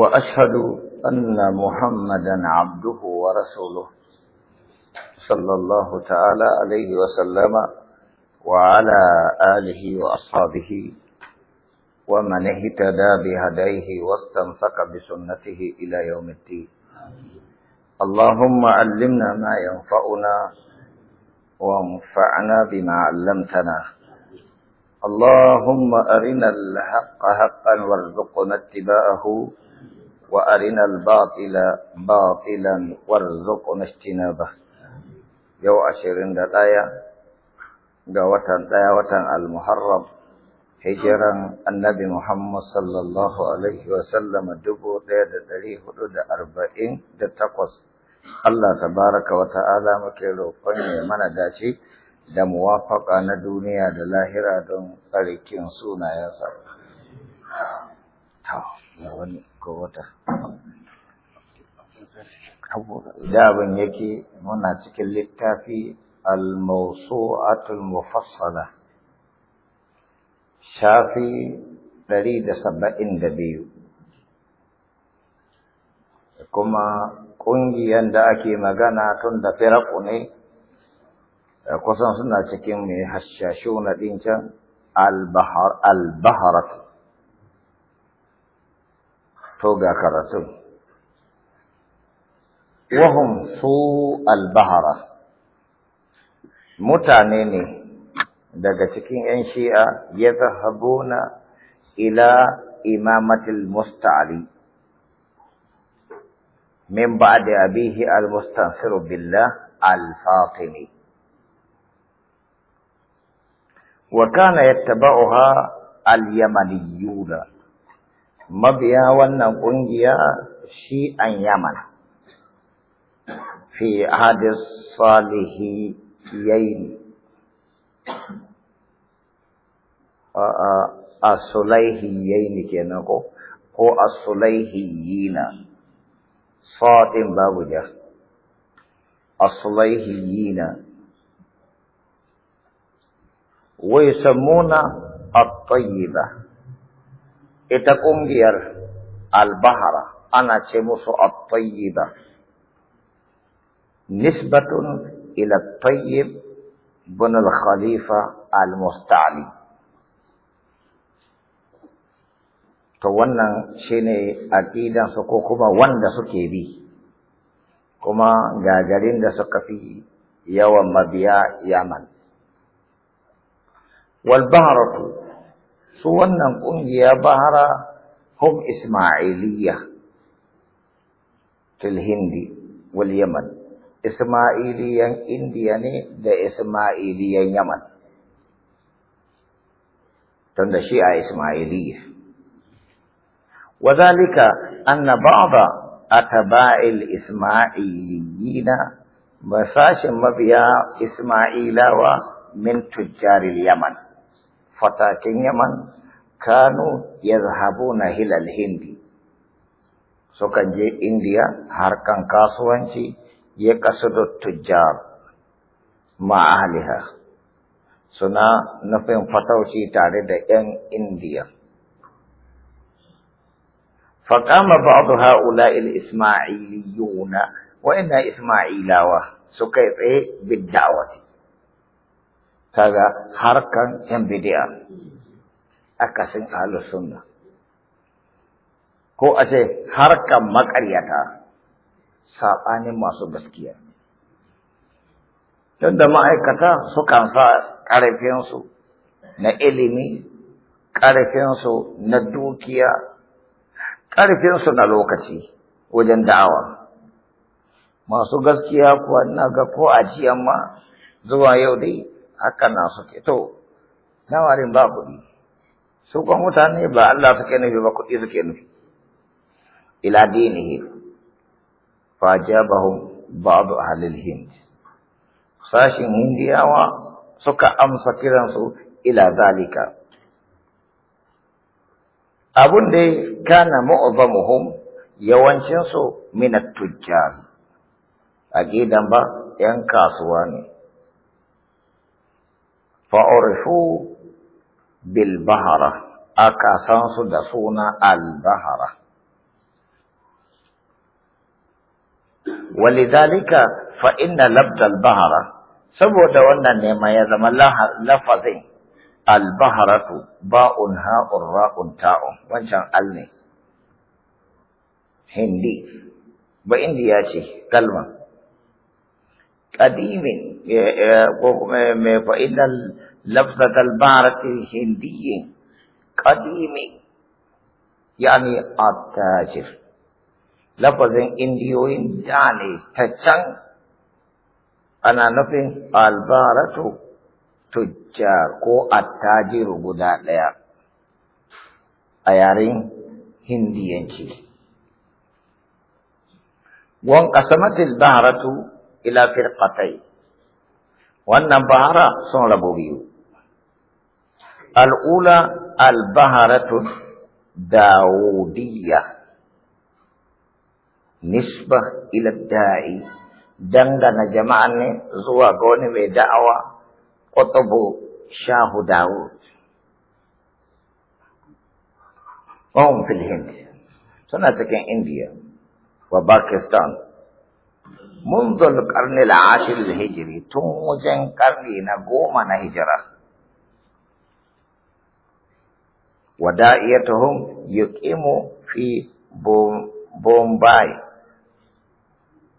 واشهد ان محمدا عبده ورسوله صلى الله تعالى عليه وسلم وعلى اله واصحابه ومن اهتدى بهديه واستمسك بسنته الى يوم الدين اللهم علمنا ما ينفعنا وانفعنا بما علمتنا اللهم ارنا الحق حقا وارزقنا اتباعه wa filan batila batilan warzuqna ijtinabah yau 21 ga watan 1 watan al-muharram hijran annabi muhammad sallallahu alaihi da 1448 Allah Ta baraka Wata ta'ala muke roƙon mana dace da muwafaqa na duniya da lahira don tsarkin sunayensa ta wani ko wata da abin yake muna cikin littafi al-mawsu'atul mufassala shafi 172 kuma ƙungiyar da ake magana tun da firaku ne kusan suna cikin mai hashashu na ɗincan albaharatu. al فوق أكرتهم وهم سوء البهرة متانيني دقتكين أنشئة يذهبون إلى إمامة المستعلي من بعد أبيه المستنصر بالله الفاطمي وكان يتبعها اليمنيون mabiya wannan ƙungiya shi an yaman fi hadis salihi yayi a sulaihi yayi kenan ko ko a sulaihi yina sadin babu ya a sulaihi yina wa a at ba. ita ƙungiyar albahara ana ce musu at-tayyiba nisbatun ila at-tayyib bin al-khalifa al-musta'li to wannan shine aqidan su ko kuma wanda suke bi kuma gagarin da suka fi yawan mabiya yaman wal bahratu su wannan kungiya bahara hum Ismailiyya fil Hindi wal Yaman Ismailiyan Indiya ne da Ismailiyan Yaman tun da shi a Ismailiyya وذلك أن بعض أتباع الإسماعيليين مساش مبيا إسماعيل ومن تجار اليمن fatakin yaman kanu na hilal hindi sukan je indiya harkan kasuwanci ya da tujjar ma'aliha suna nufin fatauci tare da 'yan indiya فقام بعض هؤلاء الإسماعيليون وإن إسماعيلاوة سكيت بالدعوة kaga harkan yan bidiya akasin ahlus sunna ko a ce harkan maƙaryata saɓanin masu gaskiya tunda ma'aikata sukan sa ƙarfinsu na ilimi ƙarfinsu na dukiya ƙarfinsu na lokaci wajen da'awa masu gaskiya kuwa na ga ko a ma zuwa yau dai haka na suke to nawarin ba kuɗi su kuma mutane ba Allah suke nufi ba kuɗi suke nufi ila dinihi jabahum ba'd ahlil hind sashin hindiyawa suka amsa kiran su ila zalika abun da kana mu'azzamuhum yawancinsu minat tujjar gidan ba yan kasuwa ne فعرفوا بالبهرة أكاسانس دسونا البهرة ولذلك فإن لبد البهرة saboda wannan nema ya zama lafazin albaharatu ba'un ha'un ra'un ta'un wancan al ne hindi ba indiya ce kalma qadimin ko kuma mai fa'idal لفظة البارة الهندية قديمة يعني التاجر لفظ انديوين داني تجن أنا nufin albaratu tujjar ko attajiru guda ɗaya a yaren hindiyanci. Wan ƙasamatil baharatu ila firƙatai, wannan bahara sun rabu biyu. الأولى البهرة الداودية نسبة إلى الداعي دندن جماعة زوا غوني دعوة قطب شاه داود هم في الهند سنة سكن إنديا وباكستان منذ القرن العاشر الهجري تموزن قرن قوم هجره ودائيتهم يقيم في بومباي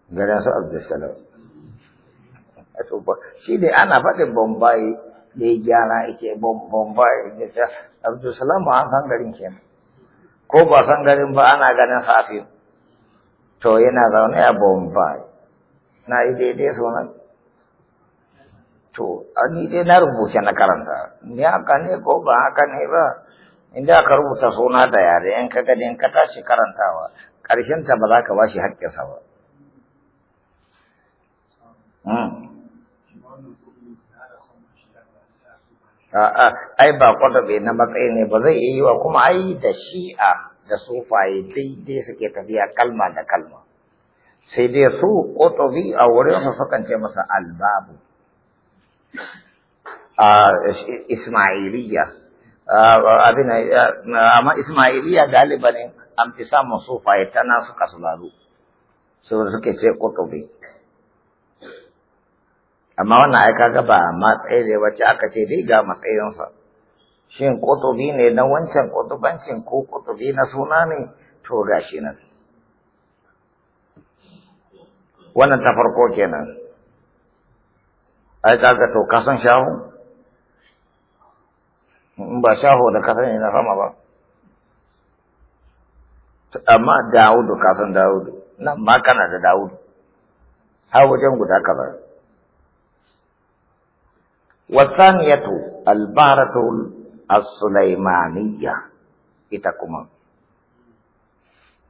garin su Abdulsalam. Shi dai ana faɗin Bombay ya gyara ake Bombay da ta Abdulsalam ma an san garin ke Ko ba san garin ba ana ganin safi. To yana zaune a Bombay. Na yi daidai sunan. To, yi dai na rubuce na karanta. Ni haka ne ko ba haka ne ba. inda aka rubuta suna da yare in ka gani in ka tashi karantawa ƙarshen ta ba za ka bashi haƙƙinsa ba hmm. A'a, ai ba kwatabe na matsayi ne ba zai yi wa kuma ai da shi'a da sufaye daidai suke tafiya kalma da kalma. Sai dai su kwatabi a wurin su sukan ce masa albabu. A Ismailiyya abin eh, amma Ismailiya galiba ne an fi sa sufaye ta nan suka sularu saboda suke ce kotobi. amma wannan aika gaba ba matsayi da wacce aka ce dai ga matsayinsa shin kotobi ne na wancan kutubancin ko kutubi na suna ne to shi nan wannan ta farko kenan ai ga to kasan shahu in ba shaho da kasan ina rama ba amma dawudu kasan dawudu nan ma kana da dawudu ha wajen guda kaza wasaniyatu albaratu as sulaymaniyya ita kuma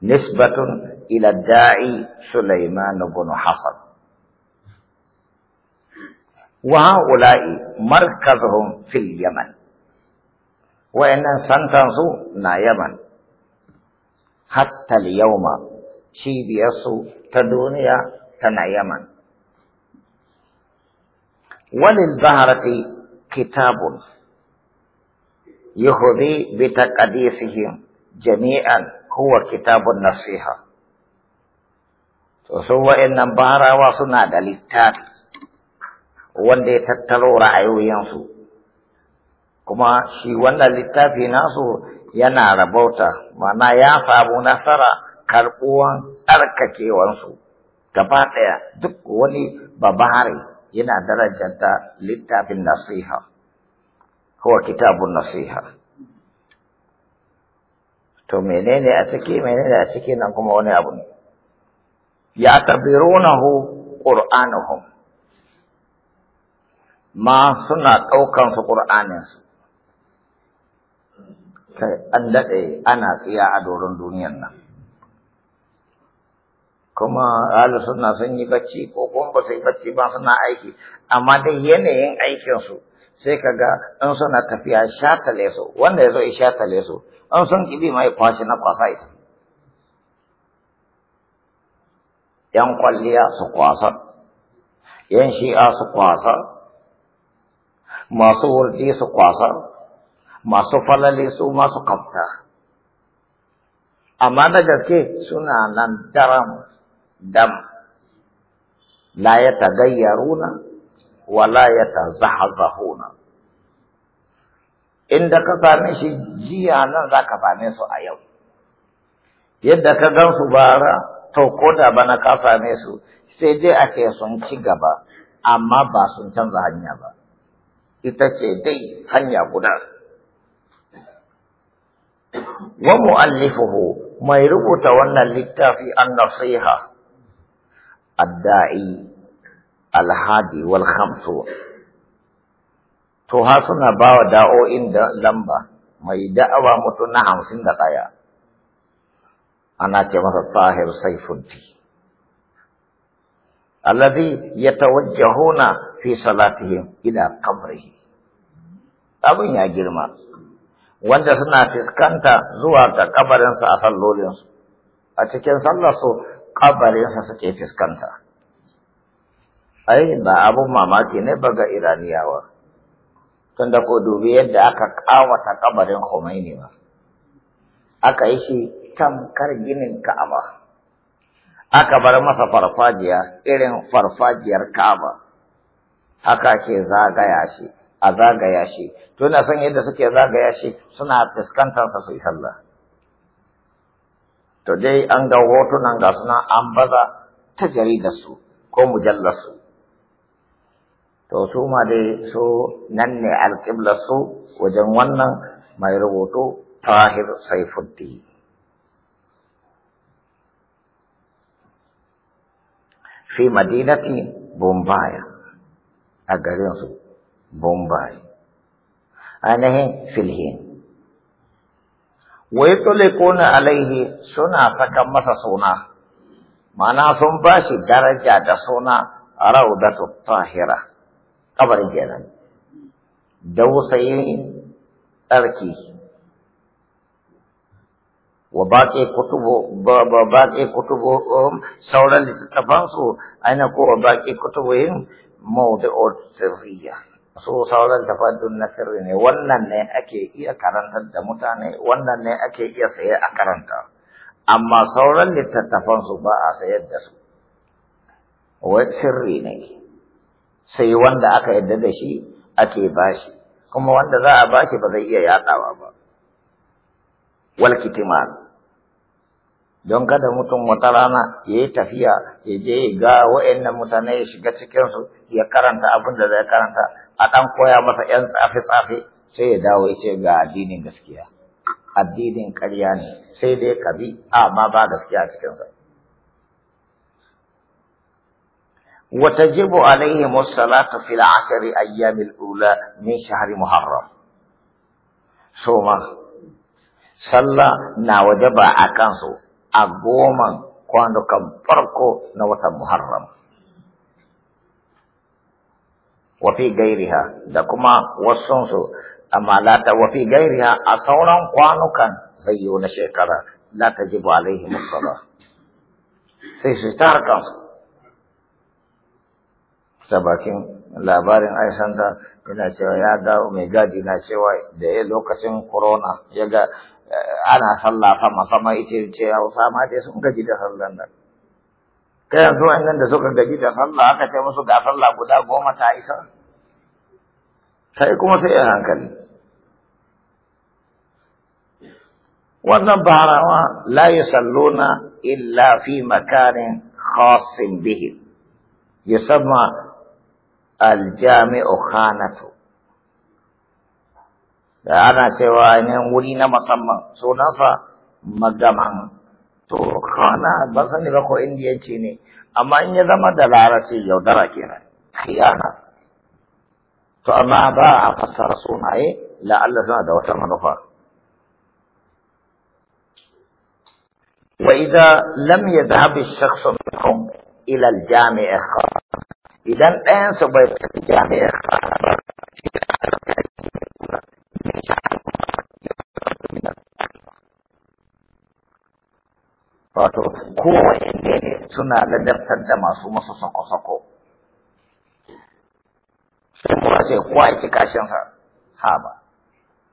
nisbatun ila da'i sulayman ibn hasan wa ula'i markazuhum fil yaman wa'annan santansu na yaman hatta yauma cibiyarsu ta duniya tana yaman walil baharati kitabun yahudi bi taqdisihim jami'an huwa kitabun nasiha to su wa'annan baharawa suna da littafi wanda ya tattaro ra'ayoyinsu kuma shi wannan littafi nasu yana rabauta mana ya samu nasara karɓuwan tsarkakewansu gaba ɗaya duk wani babare yana darajanta littafin nasiha ko kitabun nasiha to menene a ciki menene a ciki nan kuma wani abu ne ya tabirunahu qur'anuhum ma suna ɗaukansu ƙur'aninsu kai an daɗe ana tsiya a doron duniyan nan kuma ala suna sun yi bacci ko kuma ba su yi bacci ba suna aiki amma dai yanayin aikinsu sai ka ga in suna tafiya shatale su wanda ya zo ya shatale su in sun kibi mai kwashi na kwasa ita yan kwalliya su kwasa yan shi'a su kwasa masu wurdi su kwasa masu falale su masu kafta amma na gaske suna nan daram dam la ya tagayyaruna wa la ya tazahzahuna inda ka same shi jiya nan za ka same su a yau yadda ka gan su bara to ko da bana ka same su sai dai a ce sun ci gaba amma ba sun canza hanya ba ita ce dai hanya guda wa mu'allifuhu mai rubuta wannan littafi an-nasiha ad-da'i al-hadi wal khamsu to ha suna ba wa da'o'in da lamba mai da'awa mutum na hamsin da ɗaya ana ce masa tahir saifunti alladhi yatawajjahuna fi salatihim ila qabrihi abin ya girma wanda suna fiskanta zuwa ga kabarinsa a sallolinsu a cikin sallarsu kabarinsa suke fiskanta ai ba abun mamaki ne ba ga iraniyawa tunda ko dubi yadda aka kawata kabarin Khomeini ba aka yi shi tamkar ginin Ka'aba aka bar masa farfajiya irin farfajiyar Ka'aba haka ke zagaya shi a zagaya shi to ina san yadda suke zagaya shi suna fuskantar sa su yi sallah to dai an ga hotunan ga suna an baza ta jaridar su ko mujallar su to su ma dai su nan ne alƙiblar su wajen wannan mai rubutu tahir saifuddin fi madinati bombaya a garin su. bombay ainihin filhin wai na alaihi suna saka masa suna mana sun ba shi daraja da suna raudatu tahira Kabar kenan dausayin tsarki wa baqi kutubu baqi kutubu um, sauran littattafansu aina ko baqi kutubu yin mawdu'ur tafiya. so sauran tafaddun na sirri ne wannan ne ake iya karantar da mutane wannan ne ake iya saye a karanta amma sauran littattafan su ba a sayar da su wai sirri ne sai wanda aka yarda da shi ake bashi kuma wanda za a bashi ba zai iya yaɗawa ba wal kitiman don kada mutum wata rana ya yi tafiya ya je ga wa'annan mutane ya shiga cikinsu ya karanta abin da zai karanta a ɗan koya masa ‘yan tsafe-tsafe sai ya dawo ce ga addinin gaskiya, addinin ƙarya ne sai dai kabi amma ba gaskiya cikinsa. Wata jibo alaihi musala ta fi la’asari ayyamin ɗula min shahari Muharram. Soma, sallah na waje ba a kansu a goma kwanukan farko na watan Muharram. wafi gairiha da kuma wasansu amma la ta wafi gairiha a sauran kwanukan zayyo na shekara la ta jibu alaihi ba, sai su ta kansu ta bakin labarin aishanta yana cewa ya ga mai gadi na cewa da ya lokacin korona ya ga eh, ana sallafa sama sama ita ce hausa ma dai sun gaji da sallan nan kai yanzu wannan da suka gaji da sallah aka kai musu ga sallah guda goma ta isa sai kuma sai a hankali wannan baharawa la yusalluna illa fi makanin khasin Ya sama aljami'u khanatu da ana cewa ne wuri na musamman sunansa magaman to khana ba sani ba ko indiyanci ne amma in ya zama da larabci yaudara kenan khiyana to amma ba a fassara sunaye la'alla suna da wata manufa وإذا لم يذهب الشخص منهم إلى الجامع خاص إذا الآن سبيت الجامع خاص wato kowane ne suna ladabtar da masu masu sako-sako sai kuma sai kowa ya kashin kashinsa ha ba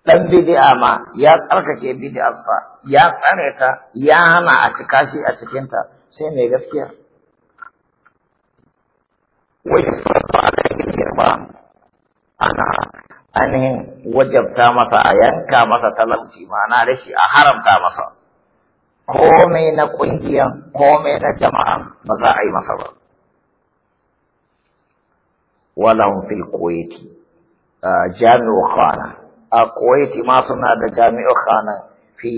ɗan bidi'a ma ya tsarkake bidi'arsa ya tsare ta ya hana a ci kashi a ta, sai mai gaskiya wai sarfa alaihi girma ana ainihin wajabta masa a yanka masa talauci ma'ana rashi a haramta masa komai na ƙungiyan komai na jama'a ba za a yi masa ba walan fil kuwaiti jami'u khana a kuwaiti ma suna da jami'u khana fi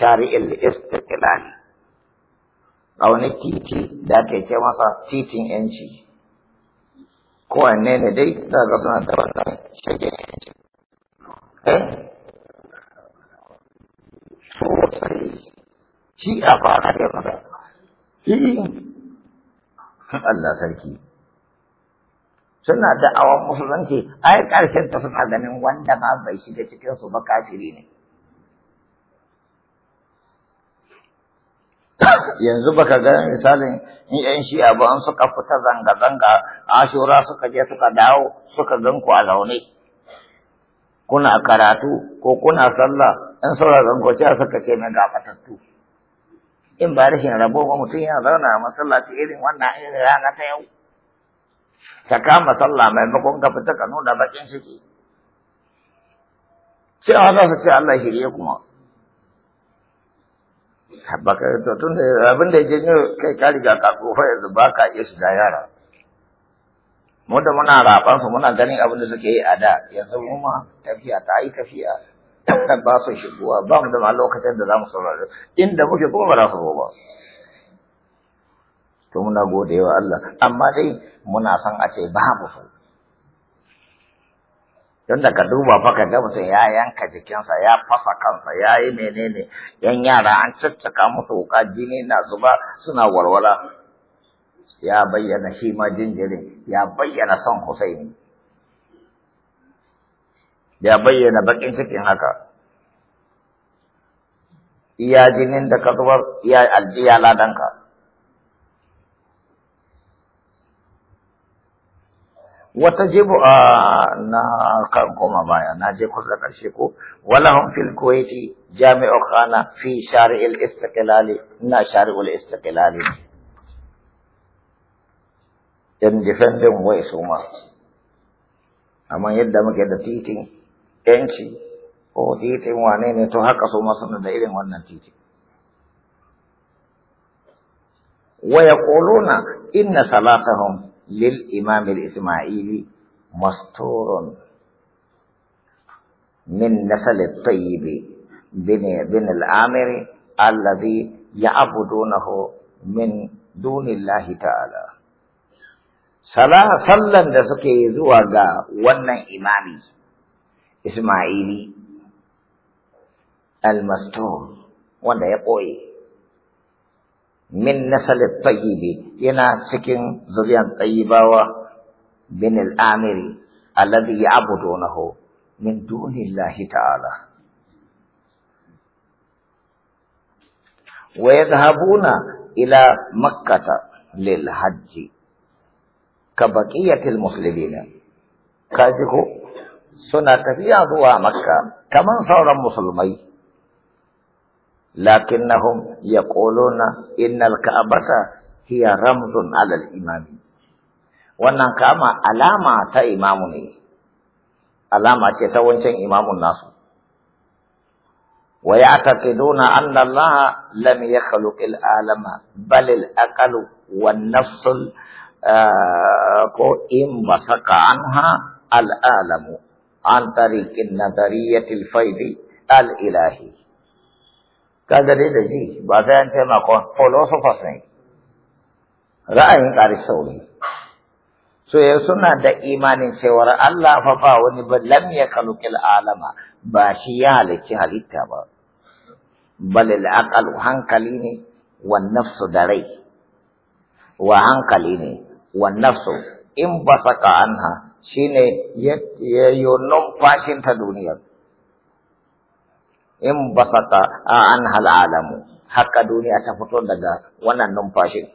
shari'il istiqlal a wani titi da ke ce masa titin yanci kowanne ne dai daga suna da wannan shige yanci eh? sosai shi a fara ka ce maka Allah sarki suna da awon musulunci ai ƙarshen ta suna ganin wanda ma bai shiga cikin su ba kafiri ne yanzu baka ga misalin in yan shi'a ba an suka fita zanga-zanga ashura suka je suka dawo suka gan ku a zaune kuna karatu ko kuna sallah in sauraron ku ce suka ce na gafatattu in ba rashin rabo ba mutum yana zauna a masallaci irin wannan irin rana ta yau ka kama sallah maimakon ka fita ka nuna bakin ciki cewa za su ce Allah shirye kuma baka to tun da abin da ya kai ka riga ka kofa yanzu ba ka iya shiga yara mu da muna raɓansu muna ganin abin da suke yi a da yanzu mu tafiya ta yi tafiya ba su shigowa ba mu da ma lokacin da za mu saurari inda muke kuma ba za su zo ba to muna gode wa Allah amma dai muna san a ce ba mu so. don da ka duba fa ka ga mutum ya yanka jikinsa ya fasa kansa ya yi menene yan yara an caccaka musu wuka jini na zuba suna walwala ya bayyana shi ma jinjirin ya bayyana son Husaini ya bayyana bakin cikin haka iya jinin da kasuwar iya aljiya ladanka wata jibu a na kan koma baya na je kusa karshe ko hun fil kuwaiti jami'u khana fi shari'il istiqlali na shari'ul istiqlali in defending su ma amma yadda muke da titin yanci ko titin wane ne to haka so masu da irin wannan titi wa yaquluna inna salatahum lil imam al isma'ili masturun min nasal al tayyib bin bin al amir alladhi ya'budunahu min dunillahi ta'ala salah sallan da suke zuwa ga wannan imami Ismaili al-Mastur wanda ya ɓoye. Min nasalit tayyibi yana cikin zuriyan tayyibawa bin al-amiri alladhi ya'budunahu min dunillahi ta'ala. Wa yadhhabuna ila makkata lil hajji ka baqiyatil muslimina. Kaji ko سنة في اضواء مكه كمن صار مسلمي لكنهم يقولون ان الكعبه هي رمز على الامام وان كما علامه تا امامني علامه تتوجه امام الناس ويعتقدون ان الله لم يخلق العالم بل الاقل والنفس آه ان بصق عنها العالم an tariqin nadariyatil faidi al ilahi kaga da ji ba sai an ce ma philosophers ne ra'ayin ƙarisau ne so ya suna da imanin cewar Allah fa ba wani ba lam ya kalukil alama ba shi ya halicci halitta ba bal al hankali ne wan nafsu da rai wa hankali ne wan nafsu in anha shine ya yi ta duniyar in basaka saka haka duniya ta fito daga wannan numfashin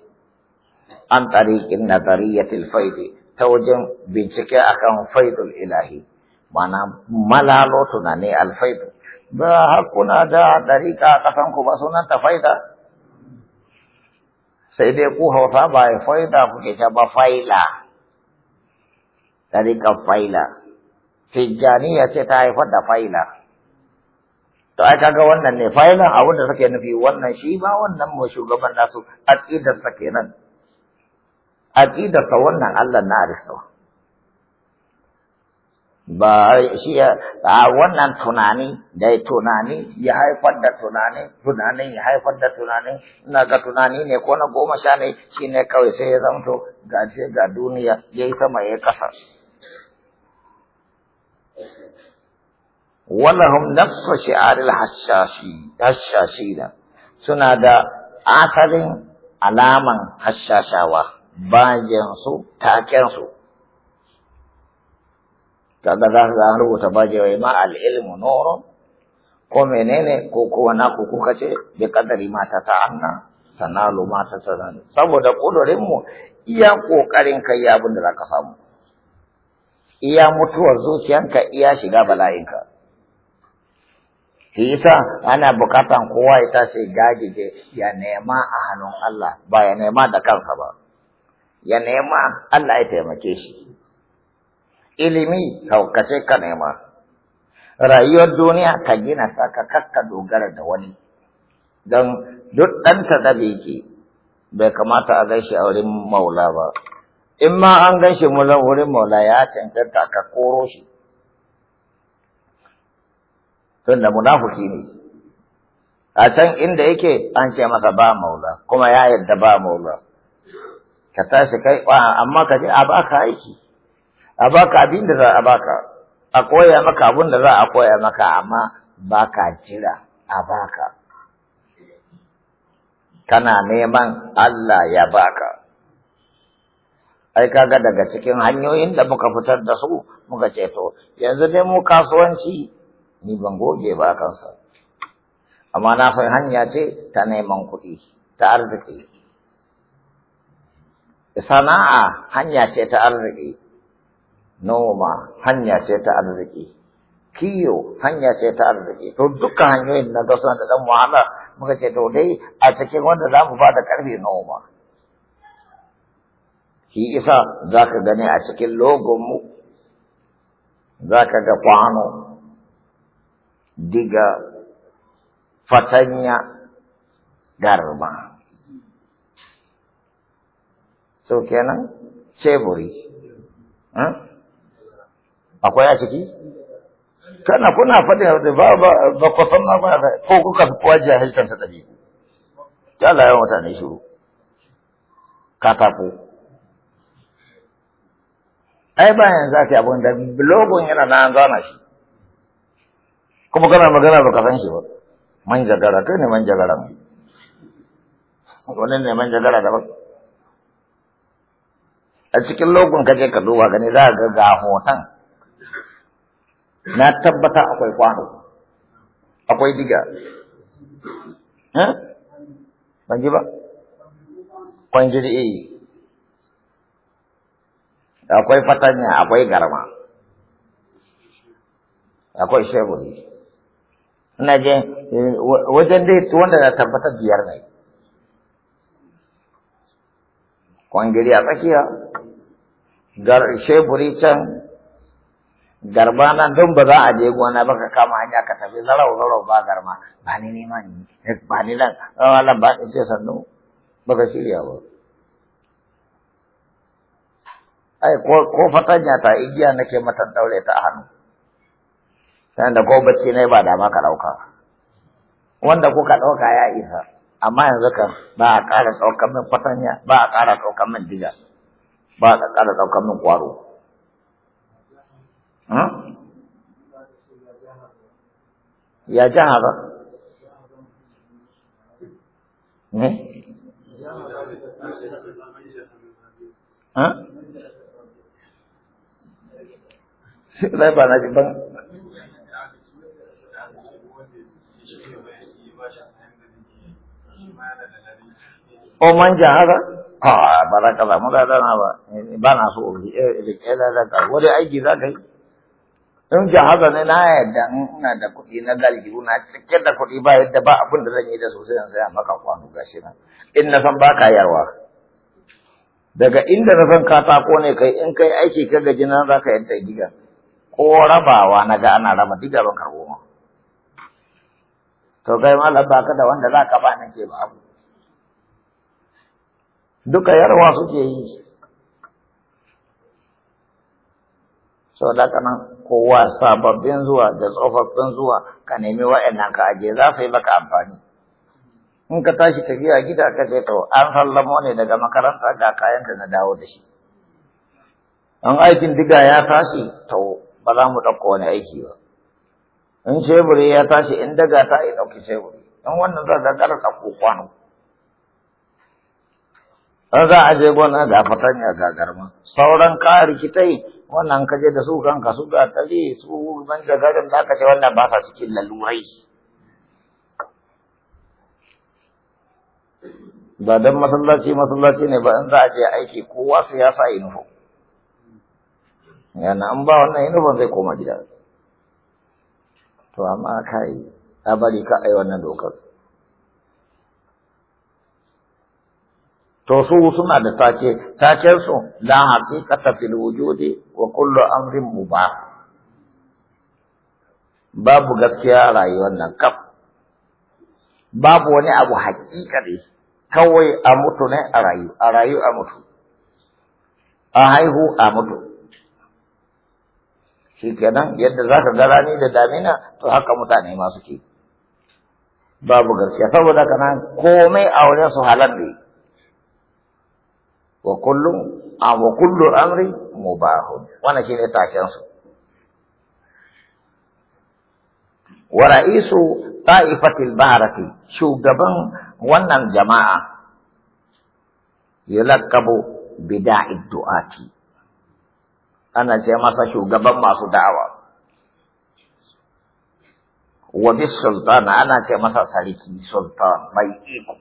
an tariƙin nazariyatil faidi ta wajen bincike akan faidul ilahi mana malalo tunani alfaidu ba har kuna da ɗariƙa a ku ba sunan ta faida sai dai ku hausa ba faida kuke ke ba faila ɗariƙar faila ya ce ta haifar da faila to ai ga wannan ne faila abin da suke nufi wannan shi ba wannan mu shugaban nasu aqidarsa kenan aqidarsa wannan Allah na arisa. ba shi a wannan tunani da tunani ya haifar da tunani tunani ya haifar da tunani ina ga tunani ne ko na goma sha ne shine kawai sai ya zamto ce ga duniya yayi sama yayi kasa walahum nafsu shi'aril hassashi hashashina suna da asalin alaman hashashawa bajensu takensu kaga za ka an rubuta bajewa ma al-ilmu ko menene ko ko na ku kuka ce bi kadari ma ta anna sanalu ma ta sanan saboda kudurin iya kokarin kai abin da ka samu iya mutuwar zuciyanka iya shiga bala'inka Ki isa ana bukatan kowa ya tashi gajije ya nema a hannun Allah ba ya nema da kansa ba ya nema Allah ya taimake shi ilimi haukace ka nema rayuwar duniya ka gina ta ka kakka dogara da wani don duk ɗanta da bai kamata a gaishe a wurin maula ba in ma an gan shi mulan wurin maula ya cancanta ka koro shi tun da munafuki ne a can inda yake an ce masa ba maula kuma ya yarda ba maula ka tashi kai amma ka ce a baka aiki a baka abin da za a baka a koya maka abin da za a koya maka amma baka jira a baka kana neman Allah ya baka ai kaga daga cikin hanyoyin da muka fitar da su muka ce to yanzu dai mu kasuwanci ni ban goge ba kansa amma na san hanya ce ta neman kuɗi ta arziki sana'a hanya ce ta arziki noma hanya ce ta arziki kiyo hanya ce ta arziki to dukkan hanyoyin na ga da dan wahala muka ce to dai a cikin wanda za mu ba da ƙarfi noma shi isa za ka gani a cikin logonmu za ka ga kwano diga fatanya Garba so kenan ceburi hmm? akwai a ciki kana kuna faɗi ba ba ku san na ba ko kuka fi kowa jahiltar ta ɗabi'u ta Allah mutane shiru katako ai ba yanzu ake abin da logon yana na an zana shi kuma kana magana ba ka san shi ba man jagara kai ne man jagara wani ne man jagara ba? a cikin logon kaje ka duba gani za ka ga hoton na tabbata akwai kwano akwai diga eh? ban ji ba kwanjiri eh akwai fatanya akwai garma akwai sheburi ina je wajen dai wanda na tabbatar biyar ne kwangiri a tsakiya gar sheburi can garba na don ba za a je gona ba ka kama hanya ka tafi zarau zarau ba garma ba ni nema ni ba ni nan wala ba ni ce sannu ba ka shirya ba ai ko fatanya ta igiya nake mata daure ta a hannu sai da ko bacci ne ba da ma ka dauka wanda kuka dauka ya isa amma yanzu kan ba a ƙara daukar min fatanya ba a ƙara daukar min diga ba a ƙara daukar min kwaro hmm? ya ji haka ne? Ha? Lai ba na ji ban. O man ja jahara? A ba za ka samu dana ba, ba na so obi, rike ladana, wani aiki za ka yi. In jahaza ne na yadda in ina da kuɗi na galibu na cike da kuɗi ba yadda ba abin da zan yi da sosai yanzu ya maka kwano gashi nan. In na san ba ka yarwa. daga inda na san katako ne kai in kai aiki ka gaji nan za ka yadda giga ko rabawa na ga ana raba duk da bakar goma. to kai malam ba ka da wanda za ka ba nake ba duka yarwa suke yi sau da kanan kowa sababbin zuwa da tsofaffin zuwa ka nemi wa'annan ka aje za su yi maka amfani in ka tashi tafiya gida ka ce to an sallamo ne daga makaranta ga kayan ka na dawo da shi an aikin diga ya tashi to ba za mu ɗauka wani aiki ba in shebure ya tashi in daga ta yi ɗauki shebure, in wannan za ta gara ɗauko kwano Ɗan za a je gona ga fatanya ga garma sauran ka rikitai wannan ka je da su kanka su ga tare su ban da garin ka aka ce wannan ba sa cikin lalurai ba don masallaci masallaci ne ba in za a je aiki kowa su ya sa yi nufo yana an ba wannan uniform zai koma gida to amma kai a bari ka ai wannan dokar to su suna da take taken su la haqiqata fil wujudi wa kullu amrin mubah babu gaskiya rayuwar nan kaf babu wani abu haƙiƙari kawai a mutu ne a rayu a rayu a mutu a haihu a mutu shi kenan yadda za ka gara ni da damina to haka mutane masu ke. babu gaskiya saboda kana komai a wajen su halar ne wa kullum a wa kullu amri mubahun wannan shine taken su wa ra'isu ta'ifatil baharati shugaban wannan jama'a yalakabu bida'id du'ati ana ce masa shugaban masu da'awa wa bis sultan ana ce masa sarki sultan mai iko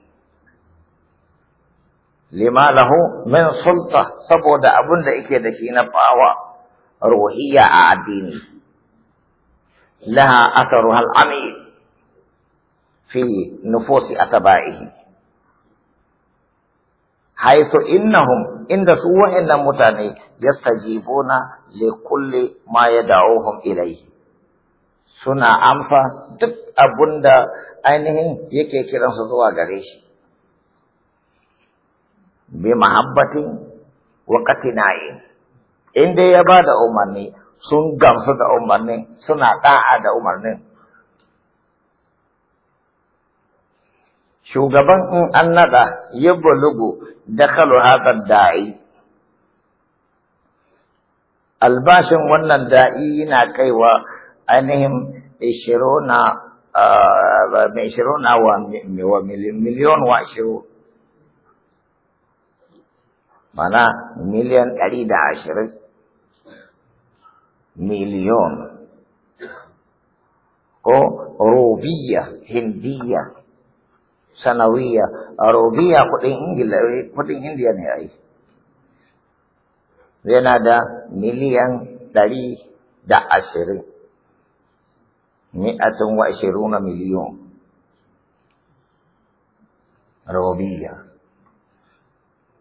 lima lahu min sulta saboda abun da yake da shi na bawa ruhiyya a addini laha asaruha hal amil fi nufusi atabaihi haytso innahum inda suwa innan mutane yastajibuna li kulli ma yada'uhum ilayhi suna amsa duk abunda ainihin yake kiran su zuwa gare shi bi mahabbati wa qatina'i inda ya bada umarni sun gamsu da umarnin suna da'a da umarnin shugaban in an nada ya bulugu dakalu hadha da'i albashin wannan da'i yana kaiwa ainihin ishiruna mai ishiruna wa miliyon wa ishiru mana miliyan ɗari da ashirin miliyon ko rubiya hindiya sanawiya rubiya kudin ingila eh, kudin indiya ne ai yana da miliyan ɗari da ashirin mi'atun wa ashiruna miliyon rubiya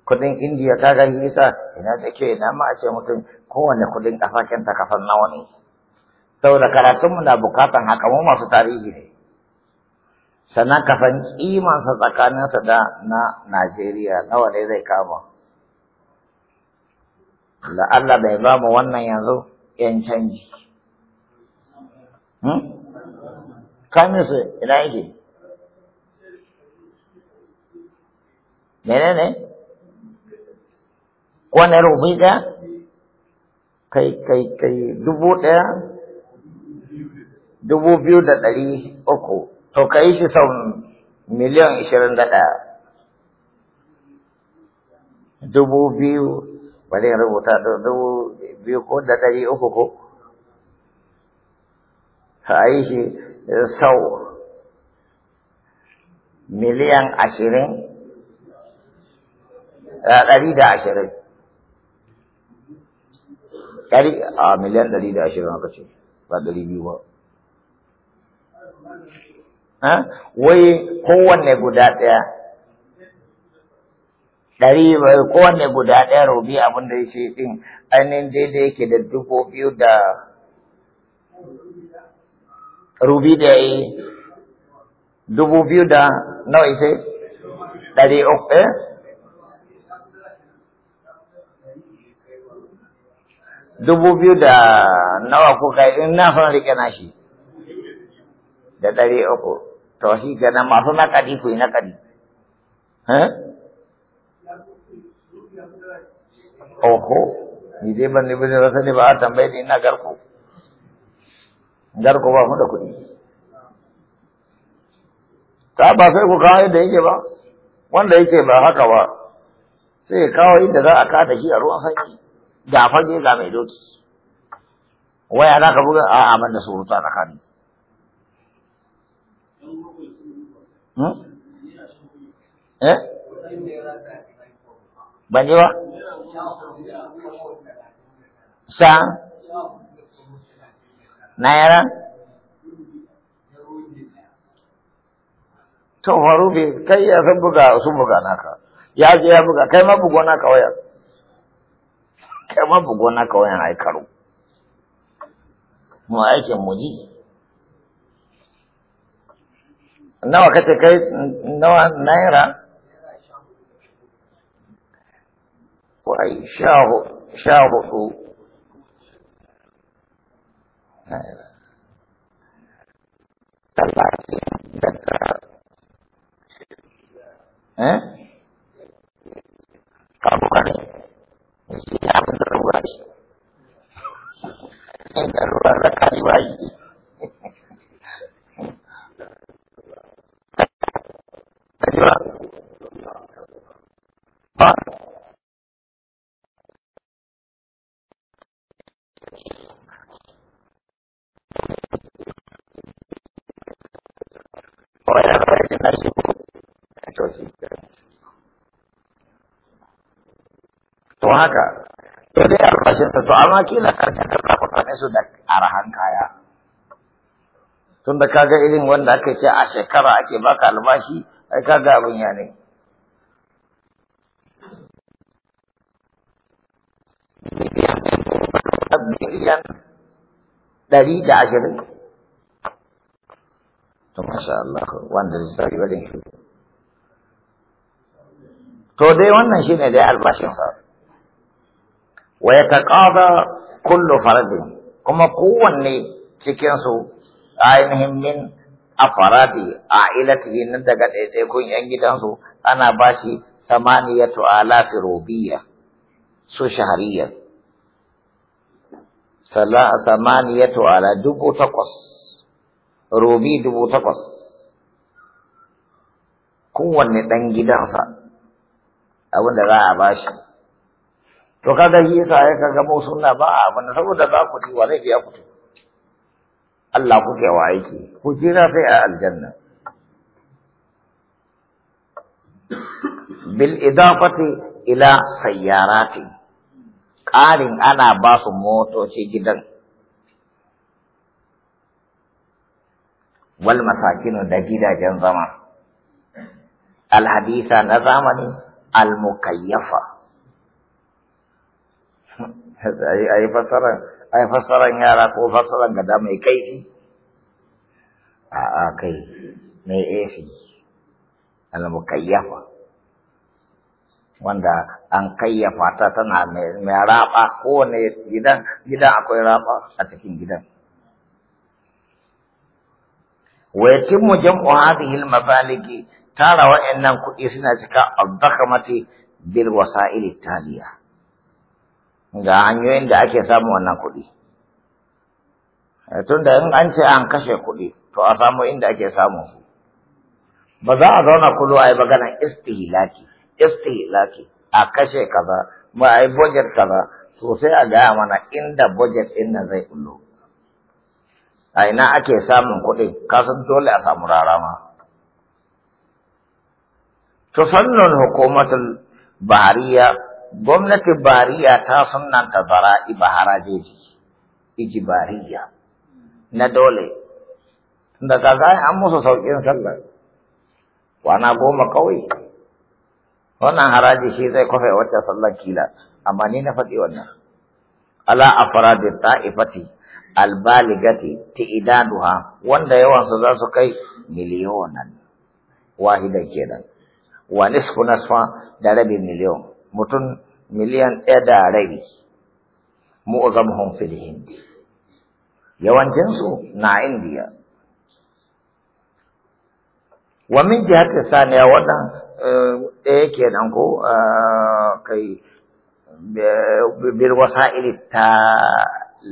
kudin indiya ta ga hisa ina take ina ma a ce mutum kowane kudin ƙasa ta kafan nawa ne saboda karatunmu na bukatan haka mu masu tarihi ne sannan ka san kimansa tsakaninsa da na Najeriya nawa ne zai kama. Da Allah bai ba mu wannan yanzu ‘yan canji. Hmm? Kamin su ina yake? Mene ne? Kwane rubi ɗaya? Kai, kai, kai, dubu ɗaya? Dubu biyu da ɗari uku. to ka yi shi sau miliyan ishirin da ɗaya dubu biyu bari rubuta dubu biyu ko da ɗari uku ko ka yi shi sau miliyan ashirin ɗari da ashirin ɗari a miliyan ɗari da ashirin aka ce ba ɗari biyu ba wai kowanne guda ɗaya ɗari kowanne guda ɗaya robi abin da yake ɗin ainihin daidai yake da dubu biyu da rubi da ya yi dubu biyu da nawa isai ɗari uku ɗaya eh? dubu biyu da nawa kuka yi Ina na fara rike nashi da ɗari uku to shi kenan masu naƙadi ku yi naƙadi oho ni dai ban nemi zai rasa ne ba a ni ina garko garko ba mu da kuɗi ta ba sai ku kawo yadda yake ba wanda yake ba haka ba sai kawo yadda za a kada shi a ruwan sanyi ga fage ga mai doki waya za ka buga a aman da surutu a tsakani Hmm? eh wa sa naira to farubi kai ya san buga sun buga naka ya je ya buga kai ma bugo naka wayar kai ma bugo naka wayar aikaru mu aikin mu ji nawa kace kai nawa naira wai sha hudu talatin da tara eh kamu kan siapa yang terluar ini terluar kali bayi to amma kila karshen karka za ku su da arahan kaya tunda kaga irin wanda aka ce a shekara ake baka albashi ai kaga abin ya ne miliyan ɗari da ashirin to masha Allah wanda zai tsari shi to dai wannan shine dai albashin sa Waya ta taqada kullu faradin kuma kowanne cikin su ainihin min afaradi a'ilatihi nan daga kun yan gidansu ana bashi samaniyatu alafi rubiya su shahariyar samaniyatu ala dubu takwas rubi dubu takwas kowanne ɗan gidansa abinda za a bashi to kaga shi yasa ya kaga mu sunna ba a abin saboda za ku ci wa zai biya ku ci Allah kuke wa aiki ku jira sai a aljanna bil idafati ila sayyarati ƙarin ana ba su motoci gidan wal masakinu da gidajen zama al hadisa na zamani al mukayyafa a yi fassarar a yi fassarar yara ko fassarar gada mai kai a a kai mai efi al-mukayyafa wanda an kayyafa ta tana mai raba kowane gidan gidan akwai raba a cikin gidan wa yatimmu jam'u hadhihi al-mabaligi tara wa'annan kuɗi suna cika al-dakhamati bil wasa'il taliya ga hanyoyin da ake samu wannan kuɗi eh, tun da in an ce an kashe kuɗi to a samu inda ake samun su ba za a zauna Kulu a yi maganar istihilaki istihilaki a kashe kaza ma a yi budget kaza sosai a gaya mana inda budget ɗin nan zai kullu a ina ake samun kuɗi kasan dole a samu rarama sannan hukumatul bahariya gwamnati bariya ta sunanta bara'i ba harajoji ijibariya na dole da kaga an musu saukin sallar wana goma kawai wannan haraji shi zai kwafe wata sallar kila amma ni na faɗi wannan ala afradin ta'ifati albaligati idanuwa wanda yawansu za su kai miliyonan wahidan kenan wa nisfu nasfa da rabin miliyon mutum miliyan ɗaya da rai, rabi mu'azamhum fil hindi yawancinsu na indiya wa min jihati saniya wannan eh, ɗaya kenan ko eh, kai bil ta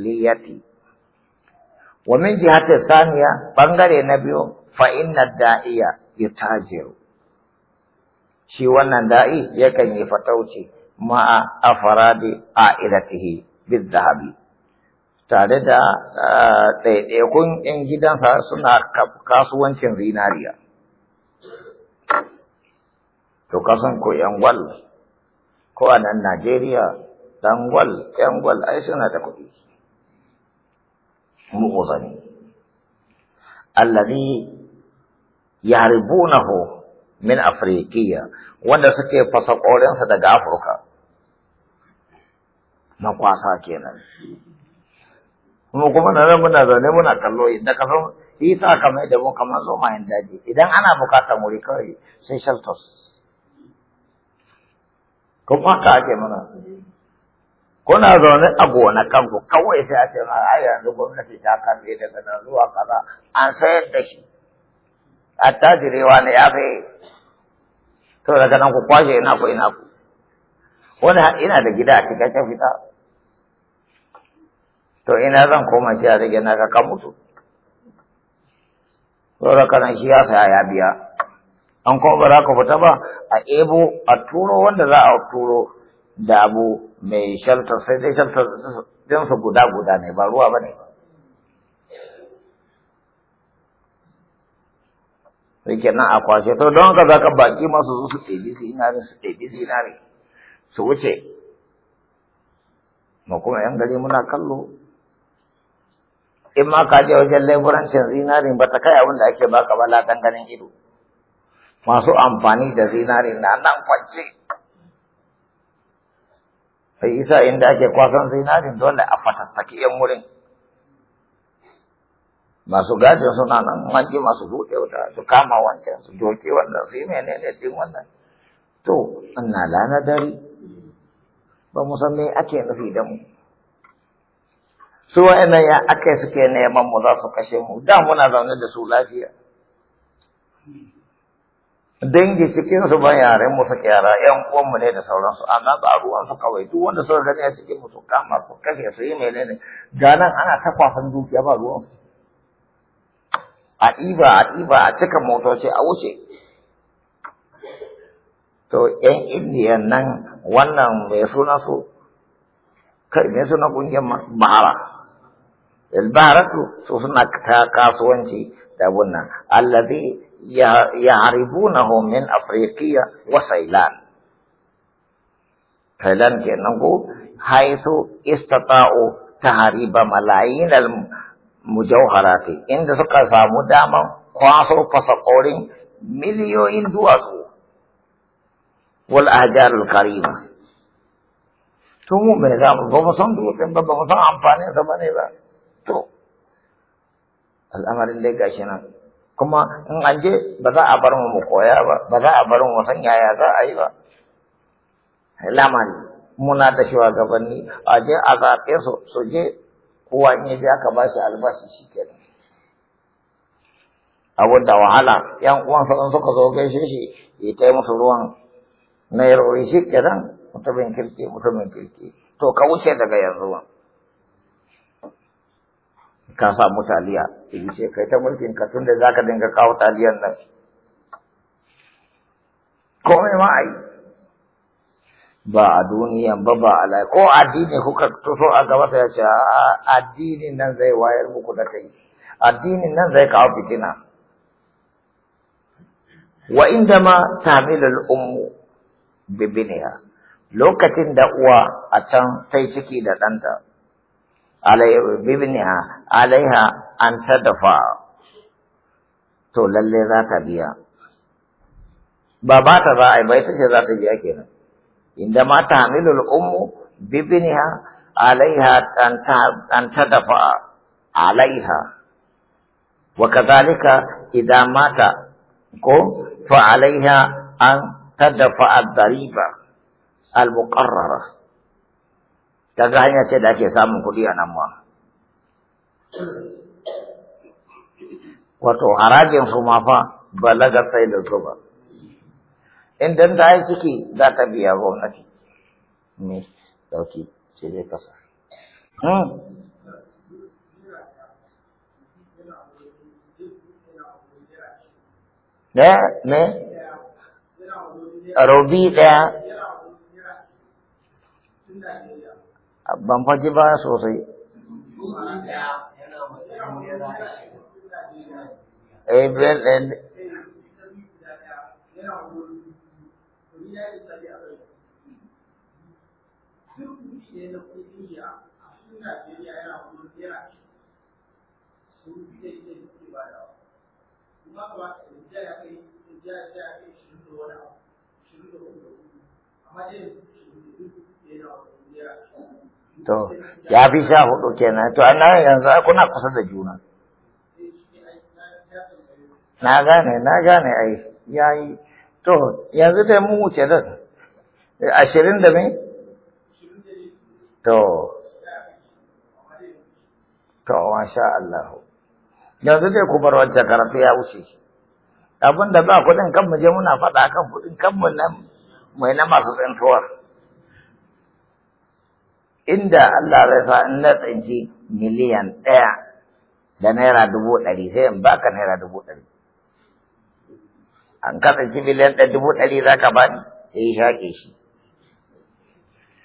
Liyati? wa min jihati saniya ɓangare na biyu fa'in na da'iya tajiru shi wannan da'i yakan yi fatauci ma'a afaradi a idatihi bidhahabi tare da ɗaiɗaikun ‘yan gidansa suna kasuwancin zinariya. To kasan ko ‘yan gwal, ko a nan Najeriya, ɗan gwal, ‘yan gwal ai suna da kuɗi. Mu'uzani. Allazi yaribunahu min afirikiya wanda suke fasa ƙorinsa daga afirka kwasa kenan kuma kuma na nan muna zaune muna kallo yadda ka san yi sa ka mai da mu kamar zo mayan daji idan ana bukatar wuri kawai sai shelters kuma ka ake mana kuna zaune a ku kawai sai a ce ma ai yanzu gwamnati ta karbe daga nan zuwa kaza an sayar da shi attajirewa ne ya fi to daga nan ku kwashe ina ku ina ku wani ina da gida a cikakken fita to ina zan koma shi a rage na ka mutu to daga nan shi ya sa ya biya an kuma ba za ku fita ba a ebo a turo wanda za a turo da abu mai shaltar sai dai shaltar jinsu guda guda ne ba ruwa ba ne ba rike nan a kwashe to don haka zaka baki masu zo su ɗebi zinare su ɗebi zinare su wuce mu kuma yan gari muna kallo in ma ka je wajen laifurancin zinari ba ta kai abin da ake baka ba latan ganin ido masu amfani da zinari na nan kwance sai isa inda ake kwasan zinarin dole a fatattaki yan wurin masu gadin suna nan wanci masu buɗe wuta su kama wancan su doke wannan su yi menene din wannan to ina lana dare ba mu san me ake nufi da mu su wa'annan ya ake suke neman mu za su kashe mu da muna zaune da su lafiya dangi cikin su ban yaren mu suke yara yan uwan mu ne da sauransu amma ba ruwan su kawai duk wanda suka gani a cikin mu su kama su kashe su yi menene ga ana ta kwasan dukiya ba ruwan su a ɗiba a ɗiba a cika motoci a wuce to 'yan indiyan nan wannan mai suna su kai mai suna ƙungiyar bahara albaharatu su suna ta kasuwanci da wannan allazi ya na homin afirkiya wa sailan ke nan ko haisu ta tahariba malayin al mujauharati inda suka samu daman kwaso fasakorin miliyoyin duwatsu wal ahjarul karima to mu me mu ba mu san dutsen ba ba mu san amfanin sa bane ba to al'amarin dai gashi nan kuma in an je ba za a bar mu mu koya ba ba za a bar mu san yaya za a yi ba lamani muna da gabanni a je a zaɓe su su je kowa in yaje aka ba shi albashi shi kenan abun da wahala yan uwan sauran suka zo gaishe shi ya kai musu ruwan nairori shi nan mutumin kirki mutumin kirki to ka wuce daga yanzu ka mu taliya ya ce kai ta mulkin ka tunda zaka dinga kawo taliyan nan komai ma yi ba a duniya ba ba a lai ko addini kuka tuso a gaba sai ya ce addinin nan zai wayar muku da kai Addini nan zai kawo fitina wa inda ma tamilul ummu bibiniya lokacin da uwa a can ta ciki da ɗanta bibiniya alaiha an ta dafa to lalle za ta biya ba ta za a yi bai ita ce za ta biya kenan عندما تحمل الأم بابنها عليها أن تدفع عليها وكذلك إذا مات فعليها أن تدفع الضريبة المقررة kaga hanya ce da ake samun kuɗi a nan ma wato harajin su ma fa balaga sai da zuba in dan ta yi ciki za ta biya gwamnati me dauki ce dai kasa ɗaya hmm. ne robi ɗaya ban faji ba sosai eh a To, ya fi sha hudu kenan, to, an yanzu kuna kusa da juna. Eh, na gane, na gane ai, ya yi. To, yanzu dai mu wuce da eh, ashirin da mai? to to masha Allah yanzu dai ku bar wancan karatu ya wuce abin da ba kuɗin kan mu je muna faɗa kan kuɗin kan mu nan mai na masu tsantuwar inda Allah zai sa in na tsinci miliyan ɗaya da naira dubu ɗari sai in baka naira dubu ɗari an ka tsinci miliyan ɗaya dubu ɗari za ka bani sai ya shaƙe shi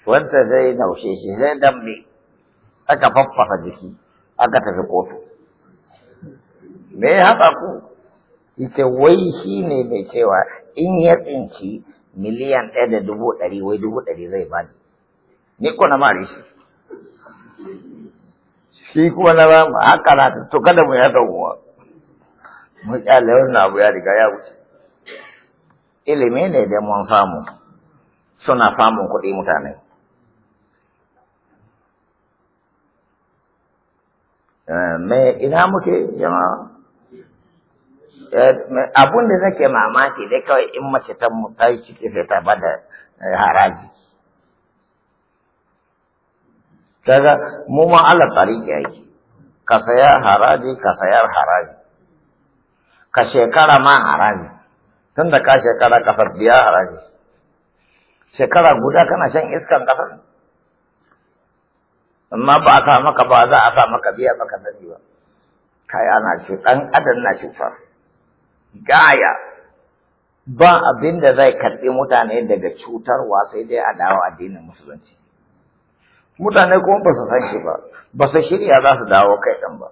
wanda zai naushe shi zai dambe aka faffafa jiki aka tafi kotu me ya haɗa ku ita wai shi ne mai cewa in ya tsinci miliyan ɗaya da dubu ɗari wai dubu ɗari zai bani ni ko na mare shi shi kuma na ba mu haka na to kada mu ya damuwa mu kyale na abu ya riga ya wuce ilimi ne da mun samu suna samun kuɗi mutane Eh, Mai ina muke jama'a eh, abun da nake mamaki dai kawai in mace ta mutai ciki sai ta bada eh, haraji kaga mu ma Allah tariki yake ka saya haraji ka sayar haraji ka shekara ma haraji tunda ka shekara ka biya haraji shekara guda kana shan iskan kasar amma ba a sa maka ba za a sa maka biya maka sani ba kai ana ce dan adam na cuta gaya ba abin da zai karɓi mutane daga cutarwa sai dai a dawo addinin musulunci mutane kuma ba su san shi ba ba su shirya za su dawo kai dan ba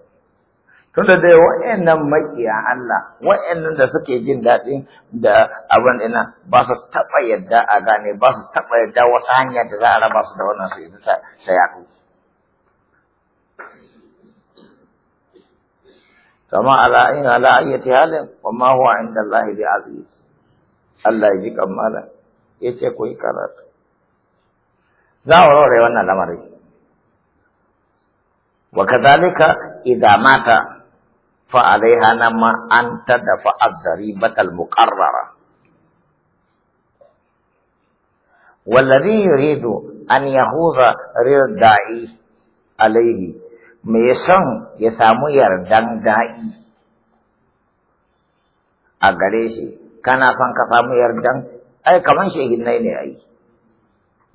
tunda dai wa'annan makiya Allah wa'annan da suke jin daɗi da abin ina ba su taɓa yadda a gane ba su taɓa yadda wata hanya da za a raba su da wannan su sai ya سما على عين على اي حال وما هو عند الله بعزيز الله يجيك أمالا يجي كوي كرات لا ولو وانا لمري وكذلك إذا مات فعليها نما أن تدفع الضريبة المقررة والذي يريد أن يخوض رضاعي عليه mai son ya samu yardan da'i a gare shi kana son ka samu yardan ai kaman shehinai ne ai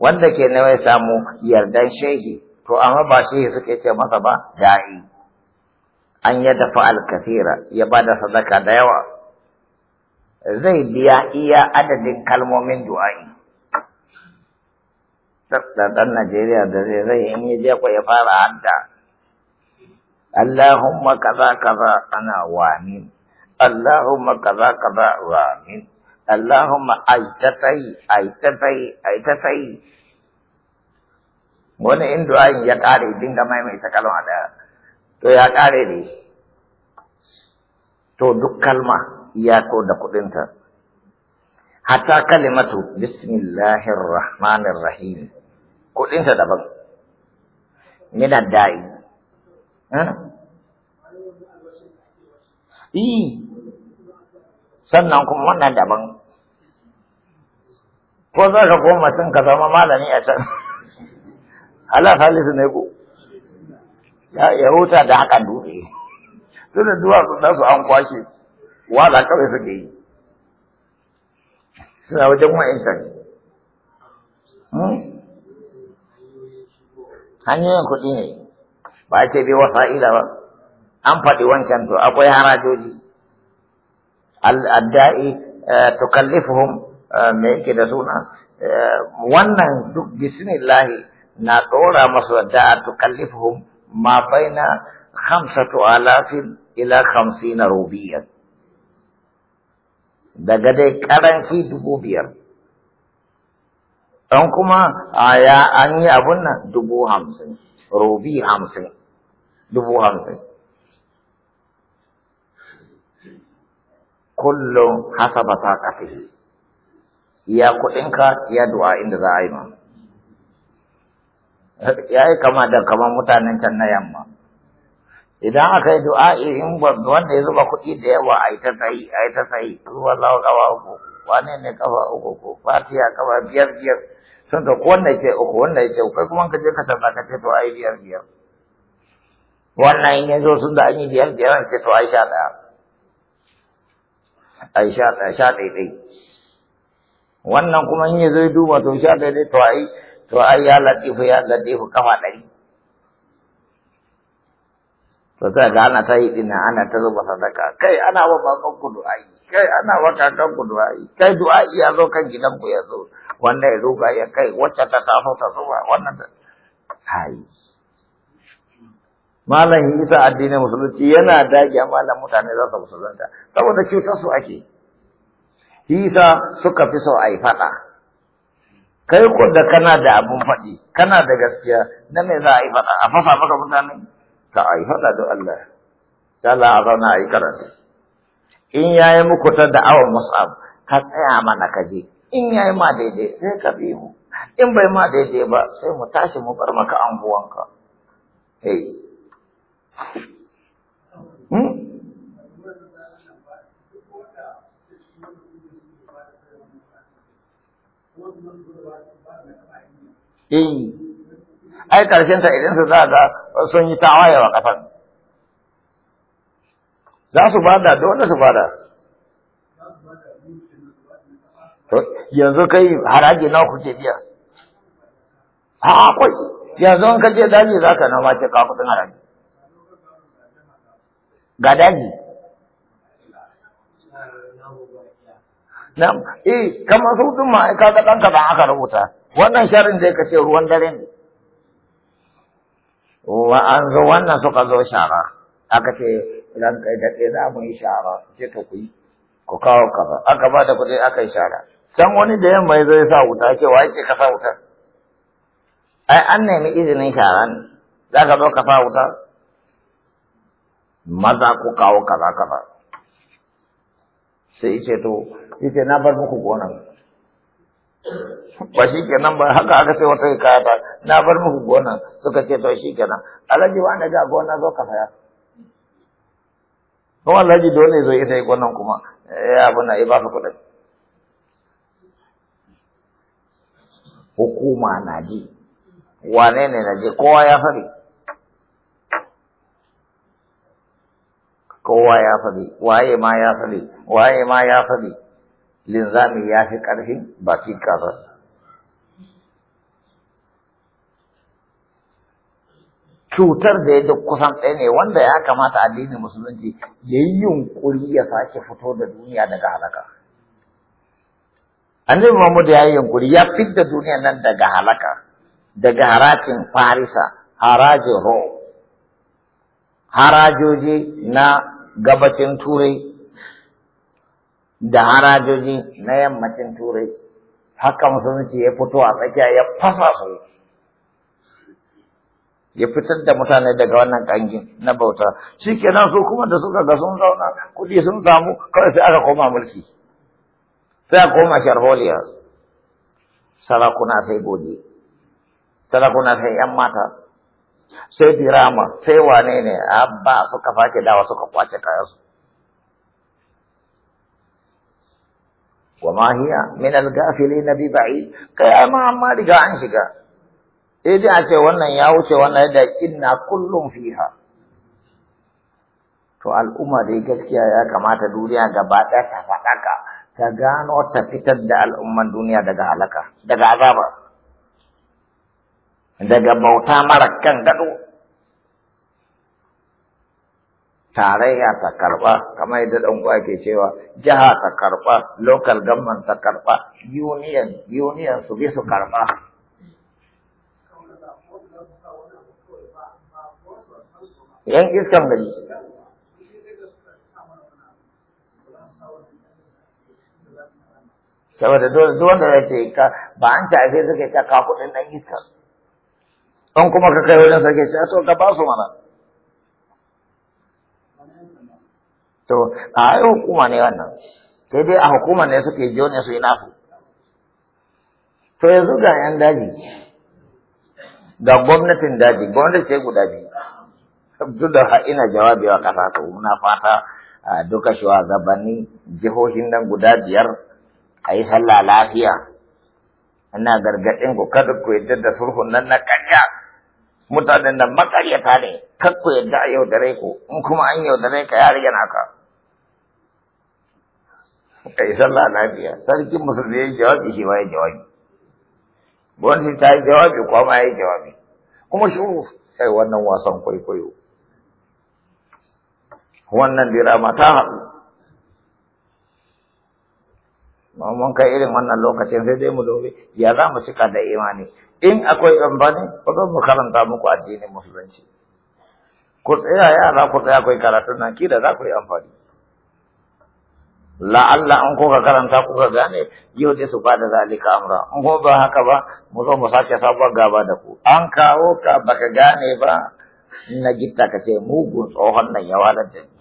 wanda ke nawa ya samu yardan shehi to amma ba shehi suke ce masa ba da'i an ya dafa alkasira ya ba da sadaka da yawa zai biya iya adadin kalmomin du'a'i Tsaftar ɗan Najeriya da zai zai in ya je fara hadda Allahumma kaza kaza ana wamin Allahumma kaza kaza wamin Allahumma aitatai aitatai aitatai wani in du'a ya kare dinga maimaita kalma daya to ya kare ne to duk kalma ya ko da kudinta hatta kalimatu bismillahir rahmanir rahim kudinta daban min da'i hmm? i sannan kuma wannan daban ko za ka koma sun ka zama malami a can halas halisu ne ko ya huta da hakan dutse tun da duwatsu su an kwashe wala kawai suke yi suna wajen wa'incan hmm? hanyoyin kuɗi ne ba a ce bai wasa'ila ba an faɗi wancan to akwai harajoji al'adda'i eh, tukallifuhum eh, me yake da suna eh, wannan duk bismillahi na ɗora masu da tukallifuhum ma baina khamsatu alafin ila khamsina rubiyar daga dai karanci dubu biyar don kuma ya an yi abun nan dubu hamsin rubi hamsin dubu hamsin kullum hasaba taqatihi iya kuɗinka iya du'a inda za a yi ma ya yi kama da kamar mutanen can na yamma idan aka yi du'a, in wanda ya zuba kuɗi da yawa a yi ta sayi. a yi ta sayi ruwa lawa kafa uku wane ne kafa uku ko fatiya kafa biyar biyar sun ta ko wanda ya ce uku wanda ya ce uku kai kuma ka je ka sarra ka ce to a yi biyar biyar wannan in yanzu sun da an yi biyar biyar ce to a yi sha ɗaya ai sha ɗaiɗai wannan kuma in ya zai duba to sha ɗaiɗai to ai to ai ya latifu ya latifu kafa ɗari to sai ga ana ta yi ɗina ana ta zuba sadaka kai ana wa bakan ku du'ai kai ana wa kakan ku du'ai kai du'ai ya zo kan gidan ku ya zo wannan ya zo ga ya kai wacce ta taso ta zuba wannan ta ai malam isa addinin musulunci yana dage malam mutane za su musulunta saboda cutar su ake isa suka fi so a yi faɗa kai ko da kana da abun faɗi kana da gaskiya na me za a yi faɗa a fasa maka mutane ka a yi faɗa da Allah ta la a zauna a yi karatu in yi muku ta awon mus'ab ka tsaya mana ka je in ya yi ma daidai sai ka bi mu in bai ma daidai ba sai mu tashi mu bar maka anguwanka eh Hmm? Eh, ai ta idan su za ga sun yi waye wa ƙasar. Za su bada dole su bada. Yanzu kai haraji nawa kuke biya. Ha akwai, yanzu an kaje daji za ka nama ce ka kuɗin haraji. ga daji Nam, eh kamar su din ma ka ga ɗanka ba aka rubuta. Wannan sharin da kace ruwan dare ne. Wa an zo wannan suka zo shara. Aka ce idan kai da ɗaya za mu yi shara, ce ta ku yi. Ku kawo kaza. Aka ba da kuɗi aka yi shara. Can wani da yamma zai sa wuta ce wa yake ka sa wuta. Ai an nemi izinin sharan. Za ka zo ka sa wuta. maza ku kawo kaza kaza sai ce to ita na bar muku gonan ba shi kenan ba haka aka sai wata kaya ta na bar muku gonan suka ce to shi kenan alhaji wanda ga gona zo ka saya Ko alhaji dole zo ita sai gonan kuma eh, ya abu na ba ka kuɗin hukuma na ji wane ne na ji kowa ya fari kowa ya faɗi waye ma ya faɗi waye ma ya faɗi linzami ya fi ƙarfin bakin ƙasa? cutar da ya duk kusan ɗaya ne wanda ya kamata addinin musulunci ya yi yunƙuri ya sake fito da duniya daga halaka. Annabi Muhammad ya yi yunƙuri ya fidda duniya nan daga halaka, daga harajin Farisa, harajin Ro, harajoji na gabacin turai da harajoji na yammacin turai haka musulunci ya fito a tsakiya ya fasa su ya fitar da mutane daga wannan kangin na bauta shi kenan su kuma da suka ga sun zauna kuɗi sun samu kawai sai aka koma mulki sai a koma sharholiya sarakuna sai gobe sarakuna sai yan mata sai dirama sai wane ne abba suka fake dawa suka kwace kayansu wama hiya min al na bi ba'i? kai ai ma amma riga an shiga eh dai a ce wannan ya wuce wannan yadda inna kullum fiha to al'umma dai gaskiya ya kamata duniya gaba ɗaya ta faɗaka ta gano ta fitar da al'umman duniya daga halaka daga azaba daga bauta mara kan gado tarayya ta karba kamar yadda dan uwa ke cewa jiha ta karba local government ta karba union union su bi su karba yan iskan gari saboda duk wanda zai ce ka ba an ci a sai suka ka kudin dan iskan don kuma ka kai wajen sarki sai to ka ba su mana to a yi hukuma ne wannan sai dai a hukuma ne suke jo ne su yi nasu to yanzu ga yan daji ga gwamnatin daji gwamnati ce guda biyu duk da ina jawabi wa kasa to muna fata a duka shugabanni jihohin nan guda biyar a yi sallah lafiya ina gargaɗin ku kada ku yadda da sulhun nan na ƙarya mutanen da makaryata ne kar ku yadda a yaudare ku in kuma an yaudare ka ya rage ka. kai sallah lafiya sarkin musulmi ya jawabi shi ma ya jawabi gwamnati ta yi jawabi ko ma ya jawabi kuma shuru kai wannan wasan kwaikwayo wannan ma ta haɗu mun kai irin wannan lokacin sai dai mu dobe ya za mu cika da imani in akwai amfani ko don mu karanta muku addinin musulunci ku tsaya yara ku tsaya akwai karatu karatun nan da za ku yi amfani la'alla an kuka karanta kuka gane yau dai su bada zalika amra in ko ba haka ba mu zo mu sake sabuwar gaba da ku an kawo ka baka gane ba na gitta ka ce mugun tsohon nan ya walar da ni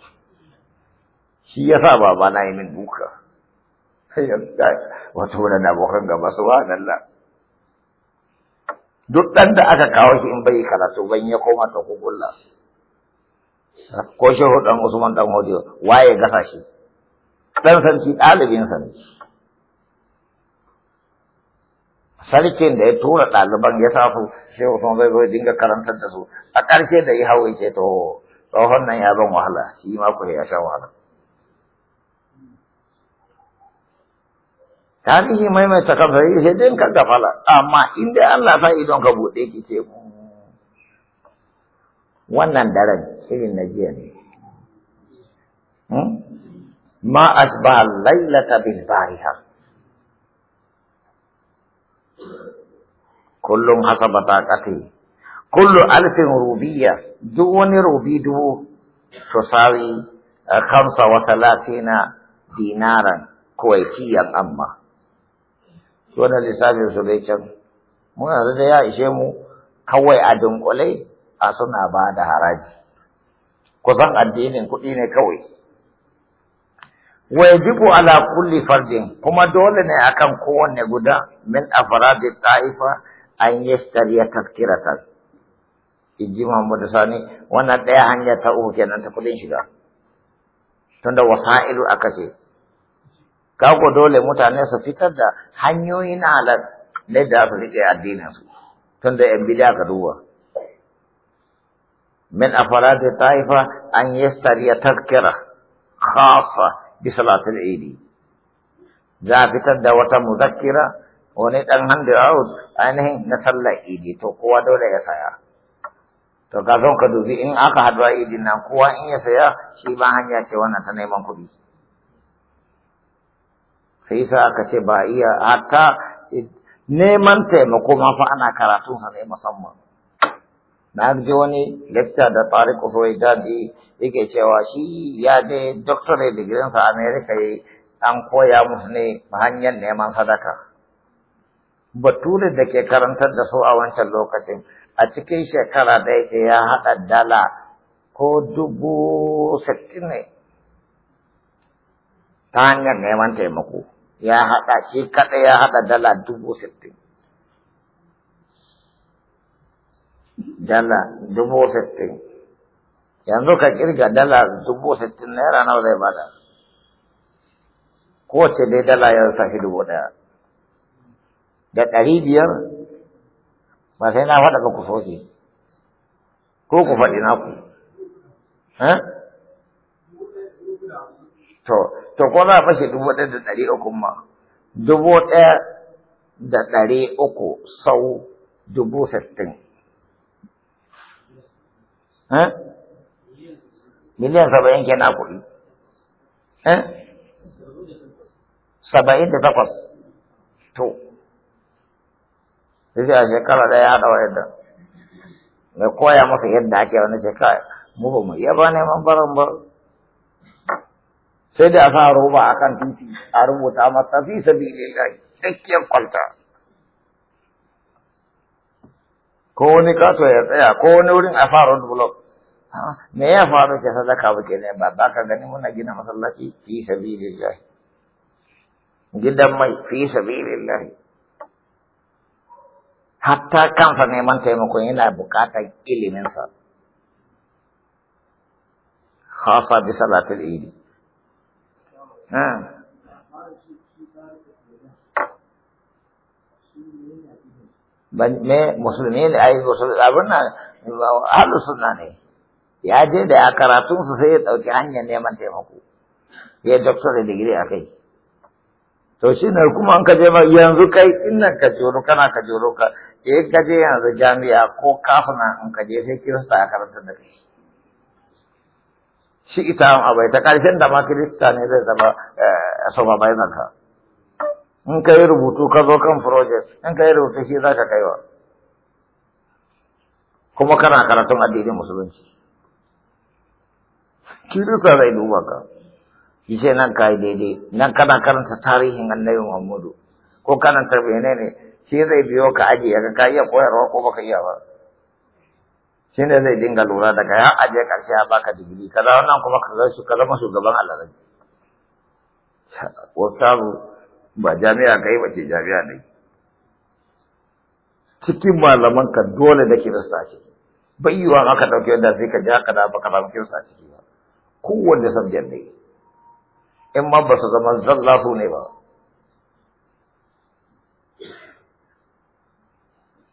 shi yasa babana na yi min duka wato wannan abokan gaba su subhanallah duk dan da aka kawo shi in bai karatu ban ya koma ta kugulla ko shi hudan Usman dan Hodiyo waye gasa shi dan sarki dalibin sa ne sarkin da ya tura ɗaliban ya sa su sai Usman zai zo dinga karantar da su a ƙarshe da ya hawo ya ce to tsohon nan ya ban wahala shi ma ku ya sha wahala tarihi maimaita kafari sai dai ka gafala amma inda Allah sa idon ka buɗe ki ce hmm, wannan daren irin na jiya ne hmm? ma asba lailata bil bariha kullum hasaba taqati kullu alfin rubiya duk wani rubi dubu tusawi eh, khamsa wa talatina dinaran kuwaitiyan amma wannan lissafin su bai can Muna da ya ishe mu kawai a dunkule a suna ba da haraji kusan addinin kuɗi ne kawai wajibu ala kulli fardin kuma dole ne akan kowanne guda min afradi ta'ifa an yashtariya tazkiratan inji da Sani wannan ɗaya hanya ta uku kenan ta kudin shiga tunda wasa'ilu aka kako dole mutane su fitar da hanyoyi na halal ne da su rike addinin su tun da yan bid'a ka duba min afaradi taifa an yastariya tazkira khassa bi salatil eid za fitar da wata muzakkira wani dan handi out ainihin na sallar idi to kowa dole ya saya to ka ka dubi in aka haɗu a idin nan kowa in ya saya shi ba hanya ce wannan ta neman kuɗi sai sa aka ce ba iya hatta neman taimako ma fa ana karatu sa ne musamman na ji wani lecture da Tariq Ubaidadi yake cewa shi ya je doctorate degree sa America yi an koya musu ne hanyar neman sadaka bature da ke karantar da su a wancan lokacin a cikin shekara da yake ya haɗa dala ko dubu sittin ne ta hanyar neman taimako ya haɗa shi kaɗai ya haɗa dala dubu sittin. Dala dubu sittin. Yanzu ka kirga dala dubu sittin naira nawa zai bada. Kowace dai dala ya sashi dubu ɗaya. Da ɗari biyar ba sai na faɗa ka ku soke. Ko ku faɗi naku. Eh? To, to ko za a fashe dubu ɗaya da ɗari uku ma, dubu ɗaya da ɗari uku sau dubu sittin. Eh? Miliyan saba'in kenan kuɗi. Eh? Saba'in da takwas. To, sai a shekara ɗaya haɗa wa yadda. Mai koya masa yadda ake wani shekara, mu ba mu iya ba neman baran sai da sa roba a kan titi a rubuta masa fi sabilillahi cikin kwanta. ko wani kaso ya tsaya ko wani wurin a da blok ah, me ya faru ke sadaka ba ke ne ba ba ka gani muna gina masallaci fi sabilillahi gidan mai fi sabilillahi hatta kansa neman taimakon yana bukatar iliminsa khasa bi salatul idi me musulmi ne a yi musulmi abin nan ahlus sunna ne ya je da ya karatun su sai ya dauki hanyar neman taimako ya digiri degree kai. to shi ne kuma an ka je yanzu kai in nan ka joro kana ka joro ka in ka je yanzu jami'a ko kafina in ka je sai kirista a karantar da kai shi ita bai ta ƙarshen da ma kirista ne zai zama eh, sofa bayan ka in ka yi rubutu ka zo kan project in ka yi rubutu shi za ka kaiwa kuma kana karatun addinin musulunci kirista zai duba ka shi sai nan ka yi daidai nan kana karanta tarihin annabi muhammadu ko kana tarbiyyar ne ne shi zai biyo ka ajiye ka ka iya koyarwa ko baka iya ba shi ne zai dinga lura daga ya aje karshe a baka digiri kaza wannan kuma ka zai zama shugaban Allah wasu ba jami'a kai ba ce jami'a ne cikin malaman ka dole da kirista ce bai yiwa aka dauke wanda sai ka ja ka da baka ba kirista ciki ba kowanne sabjan ne in ma ba su zama zallafu ne ba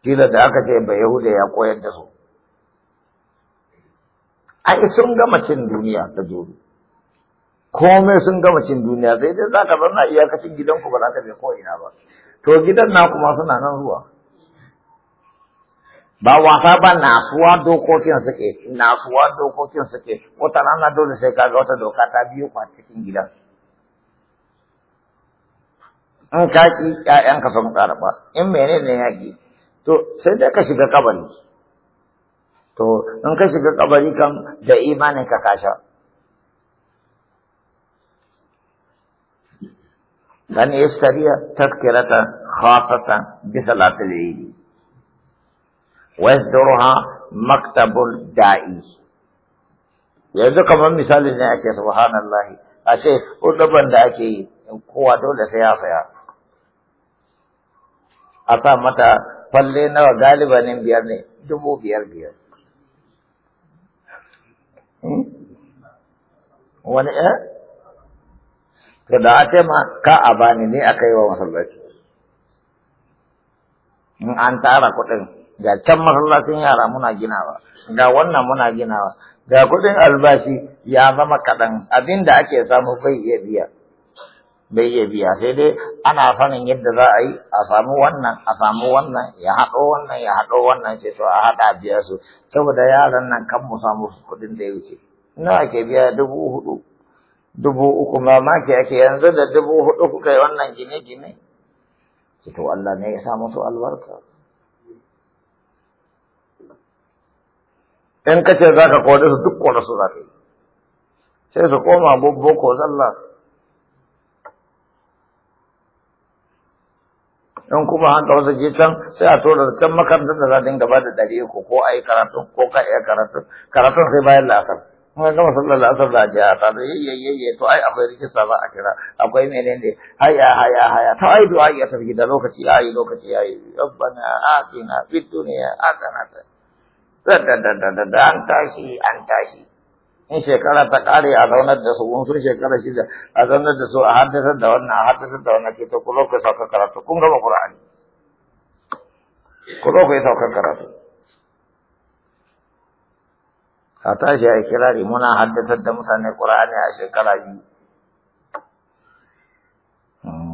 kila da aka ce ba yahuda ya koyar da su ai sun gama cin duniya ta jori komai sun gama cin duniya sai dai za ka zauna iyakacin gidanku ba za ka je ko'ina ba to gidan na kuma suna nan ruwa. ba wasa ba nasuwa dokokin suke nasuwa dokokin suke wata rana dole sai kaga wata doka ta biyu kwa cikin gidan in ka ƴaƴanka sun karɓa in menene yaƙi to sai dai ka shiga kabari to in ka shiga kabari kan da imanin ka kasha dan istariya tazkirata khasatan bi salatil eid wasdurha maktabul da'i yanzu kamar misali ne ake subhanallahi a ce udaban da ake yi kowa dole sai ya saya a sa mata falle nawa galibanin biyar ne dubu biyar biyar wani ɗan? Eh? to da a ka a bani ne aka yi wa masallaci in an tara kuɗin ga can masallacin yara muna ginawa ga wannan muna ginawa ga kuɗin albashi ya zama kaɗan abin da ake samu bai iya biya bai iya biya sai dai ana sanin yadda za a yi a samu wannan a samu wannan ya haɗo wannan ya haɗo wannan sai to a haɗa biya su saboda yaran nan kan mu samu kuɗin da ya wuce nawa ke biya dubu hudu dubu uku mamaki ake yanzu da dubu hudu kuka yi wannan gine-gine to Allah ne ya sa musu albarka in ka ce za ka kore su duk kore su za ka yi sai su koma bobbo ko zalla in kuma an wasu jikan, sai a tura can makarantar da za ta dinga ba da ɗari ko ko a yi karatun ko ka iya karatun karatun sai bayan la'asar kuma gama sallar asar da ajiya a tare yayyayye to ai akwai rikista za a kira akwai menene haya haya haya ta ai du'a ya tafi da lokaci yayi lokaci yayi rabbana atina fid dunya hasanatan da da da da da an tashi an tashi in shekara ta kare a zaunar da su in sun shekara da a zaunar da su a haddasar da wannan a haddasar da wannan ke to ku lokacin sauka karatu kun gama qur'ani ku lokacin sauka karatu a tashi a kirari muna haddatar da mutane ƙura'ani a shekara biyu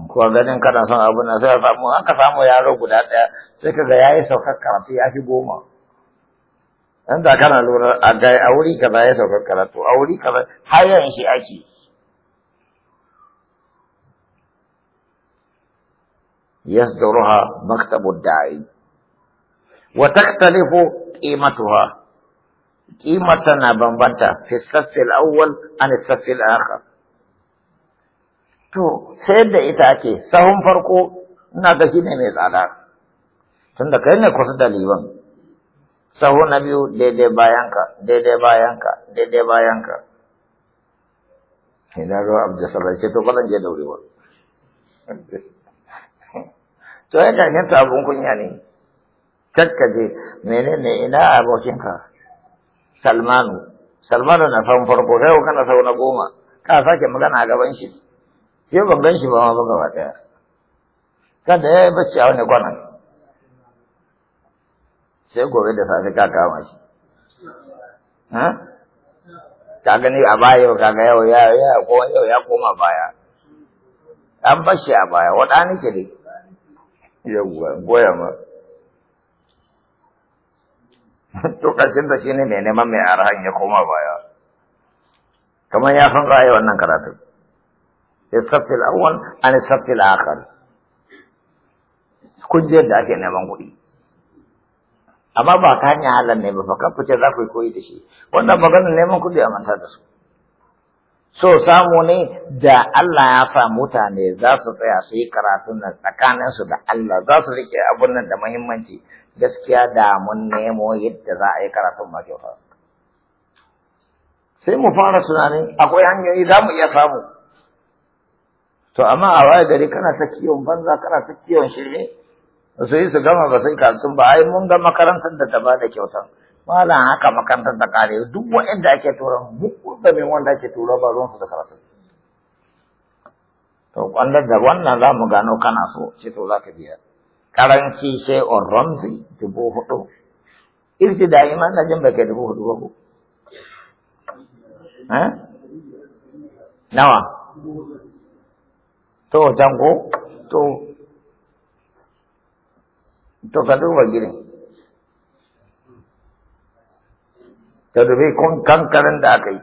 kuwa ganin kana son abu na sai samu aka samu yaro guda ɗaya sai kaga ya yi saukar karatu ya fi goma dan da kana lura a ga a wuri kaza ya saukar karatu a wuri kaza hayan shi ake yasduruha maktabu da'i wa taktalifu qimatuha kimar na bambanta fi saffil awwal an saffil akhar to sai da ita ake sahun farko ina ga shine mai tsada tunda kai ne kusa da liban sahu na biyu daidai bayanka daidai bayanka daidai bayanka idan ruwa abu da ce to ba zan je daurewa to ya danganta abun kunya ne kakkaje menene ina abokinka Salmanu Salmanu na san farko sai ko kana sau na goma ka sake magana a gaban shi sai ban gan shi ba ma ba gaba daya kada ya yi bacci a wani kwanan sai gobe da safe ka kama shi ka gani a baya yau kaga yau ya ya yau ya koma baya an bashi a baya waɗani ke dai Yau, goya ma to kashin da shi ne mai neman mai arahan ya koma baya kamar ya san ra'ayi wannan karatun isafil awwal an isafil akhar kun da ake neman kuɗi amma ba ta hanyar halar ne ba fa kan fice za ku yi koyi da shi wannan maganar neman kuɗi a manta da su so samu ne da Allah ya sa mutane za su tsaya su yi karatun nan tsakaninsu da Allah za su rike abun nan da muhimmanci gaskiya da mun nemo yadda za a yi karatun ma kyau sai mu fara tunanin akwai hanyoyi za mu iya samu to amma a waye gari kana ta kiyon banza kana ta kiyon shirme su yi su gama ba sai karatun ba ai mun ga makarantar da ta ba da kyautan mala haka makarantar da kare duk wanda ake tura duk da mai wanda ake tura ba ruwan su da karatu to kwallar da wannan za mu gano kana so ce to za ka biya karanci sai on ramzi dubu hudu irtidai ma na jin baka dubu hudu ba ko eh? nawa to jango to to ka duba gidan ka dubi kankanin da aka yi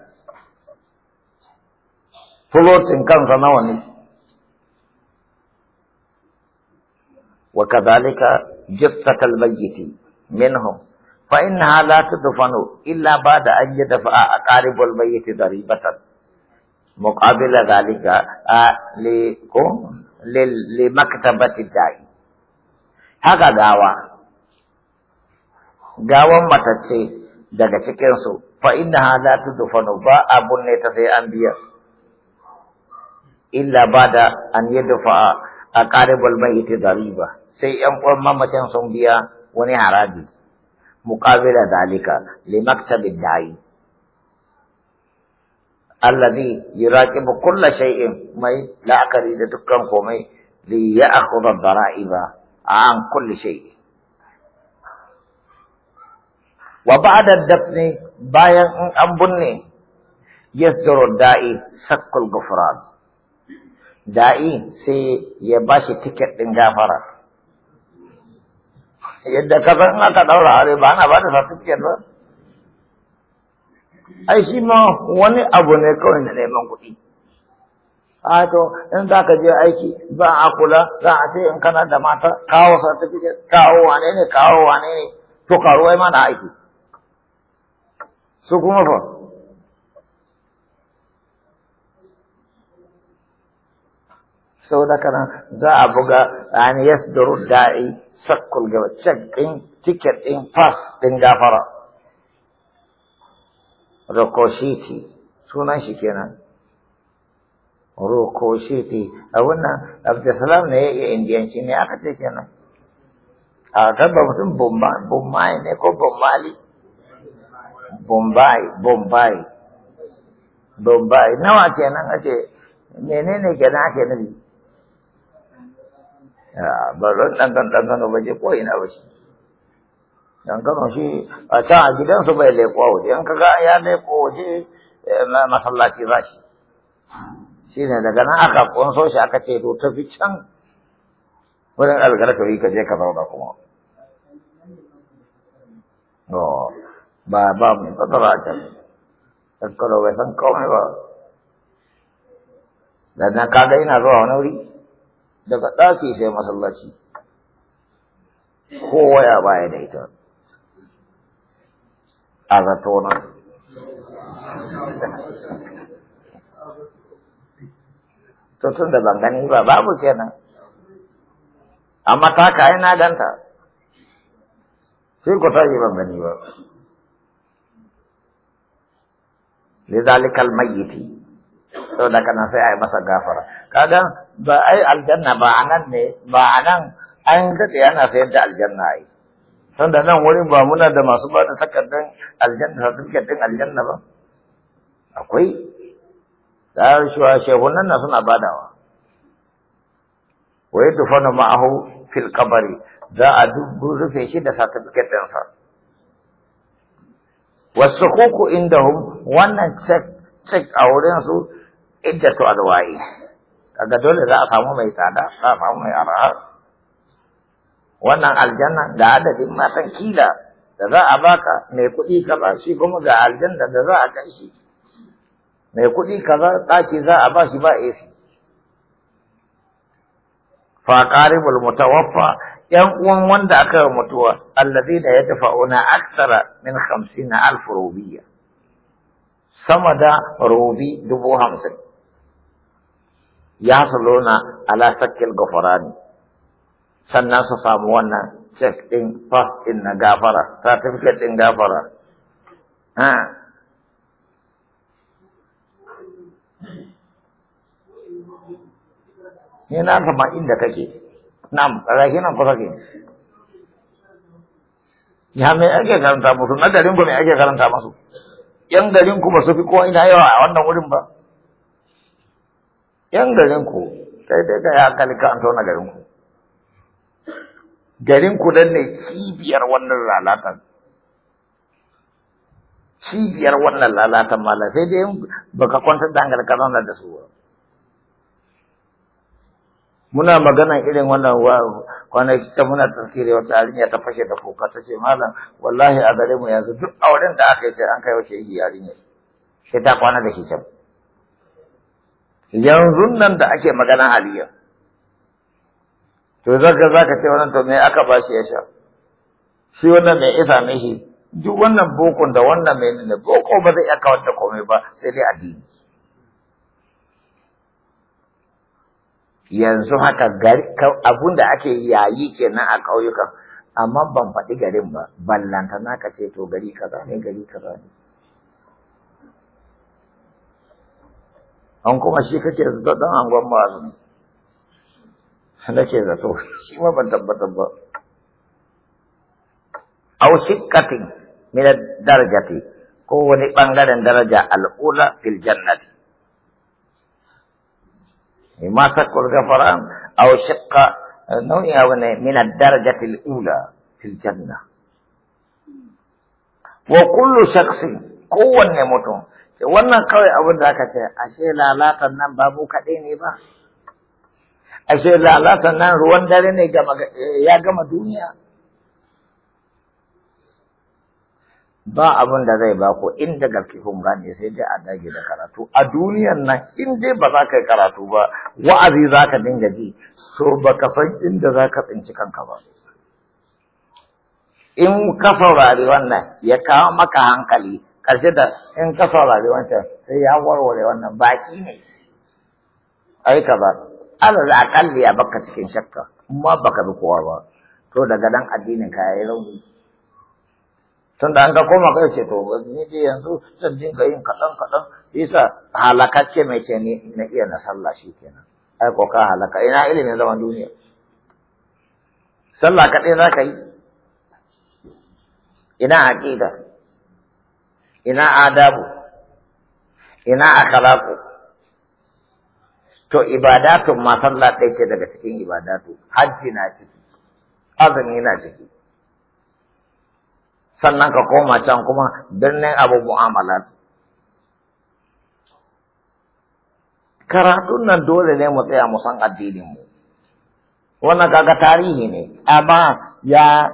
fulotin kansa nawa ne wa kadhalika jissatal bayyiti minhum fa innaha la tudfanu illa ba'da an yadfa aqaribul bayyiti daribatan muqabila a li ko li maktabati da'i haka gawa gawan matacce daga cikinsu fa innaha la tudfanu ba abun ne ta sai anbiya illa bada an yadfa qaribul mayit dariba sai yan uwan mamacin sun biya wani haraji muqabila dalika li limaktabid da'i alladhi yuraqibu kulla shay'in mai la'akari da dukkan komai li ya'khudha dara'iba an kulli shay'in wa ba'da dafni bayan in an binne yasduru da'i sakkul gufran da'i sai ya bashi tiket din gafara yadda ka san aka daura hare ba ana ba da certificate ba ai shi ma wani abu ne kawai na neman kuɗi a to in za ka je aiki ba a kula za a ce in kana da mata kawo certificate kawo wane ne kawo wane ne to karuwai ma na aiki su kuma fa sau da kana za a buga an duru da'i sakkul gaba cek ɗin tiket ɗin fas ɗin gafara rokoshiti sunan shi kenan rokoshiti a wannan abdulsalam ne ya yi indiyanci ne aka ce kenan a gaba mutum bomba ne ko bombali Bombay, Bombay, Bombay, nawa kenan ake, menene kenan ake nufi? Baron ɗangan ɗangan ba je ko ina ba shi. Ɗangan shi a can a gidansu bai leƙo a waje, in ka ga ya leƙo waje eh, masallaci za shi. Shi ne daga nan aka ƙunso shi aka ce to tafi can wurin algarkawi ka je ka zauna kuma. Oh. ba ba mai fatara a can tattaro bai san komai ba da na kaga ina zuwa wani wuri daga ɗaki sai masallaci ko waya baya da ita a zatona to tun da ban gani ba babu kenan amma ta ka na ganta sai ku tashi ban gani ba lizalikal mayyiti da kana sai a yi masa gafara kaga ba ai aljanna ba anan ne ba anan an dade ana sayar da aljanna ai da nan wurin ba muna da masu ba da takardan aljanna certificate din aljanna ba akwai shehu nan na suna badawa wai tufanu ma'ahu fil kabari za a rufe shi da certificate ɗinsa wasu kuku inda wannan cek a wurin su inda su alwayi kaga dole za a samu mai tsada za a samu mai arha. wannan aljanna ga adadin matan kila da za a baka mai kuɗi kaza shi kuma ga aljanna da za a kai shi mai kuɗi kaza ɗaki za a ba shi ba AC fa qaribul mutawaffa yan uwan wanda aka mutuwa allazina yadfa'una aksara min 50 alf rubiyya sama da rubi dubu hamsin ya na ala sakil gafarani sannan su samu wannan cek ɗin fas ɗin na gafara certificate ɗin gafara ni na zama inda kake Nam, rahi nan kusa ke. Ya me ake karanta musu, na garin ku me ake karanta musu. Yan garin ku ba su fi ko ina yawa a wannan wurin ba. Yan garin ku, sai dai ka ya kalli ka an tauna garin ku. Garin dan ne cibiyar wannan lalatan. Cibiyar wannan lalatan malam sai dai baka kwantar da hankali ka zauna da su ba. muna magana irin wannan kwanaki ta muna tafsiri wata yarinya ta fashe da kuka ta ce malam wallahi a gare mu yanzu duk auren da aka yi sai an kai wa shi yarinya sai ta kwana da can yanzu nan da ake magana aliyar to zaka zaka ce wannan to me aka ba shi ya sha shi wannan mai isa mishi duk wannan bokon da wannan mai ne boko ba zai iya kawar da komai ba sai dai addini yanzu haka abun da ake yayi kenan a ƙauyukan amma ban faɗi garin ba ballanta na ka ce to gari kaza ne gari kaza ne an kuma shi kake zato don angon su ne nake zato shi ma ban tabbatar ba aw shiqqatin min ad-darajati ko wani bangaren daraja al-ula fil jannati إماتة الغفران أو شقة آه، من الدرجة الأولى في الجنة وكل شخص قوة نموتون وانا قوي أبدا كتير أشي لا لا تنم بابو كديني با أشي لا لا تنم روان داريني يا جمع دنيا ba abin da zai ba ko inda gaske kun gane sai dai a dage da karatu a duniyar nan in dai ba za ka yi karatu ba wa'azi za ka dinga ji so ba ka san inda za ka tsinci kanka ba in ka saurari wannan ya kawo maka hankali ƙarshe da in ka saurari wancan sai ya warware wannan baki ne ai ka ba alal akalli ya baka cikin shakka amma baka bi kowa ba to daga dan addinin ka yayi rauni tunda an ga koma kai ce to ni dai yanzu zan dinga yin kaɗan kaɗan isa halakacce mai ce ni na iya na sallah shi kenan ai ko ka halaka ina ilimin zaman duniya sallah kaɗai za ka yi ina aƙida ina adabu ina akhlaqu to ibadatu ma sallah ɗaya ce daga cikin ibadatu hajji na ciki azumi na ciki sannan ka koma can kuma birnin abu mu'amalat karatun nan dole ne mu tsaya mu san mu. wannan kaga tarihi ne amma ya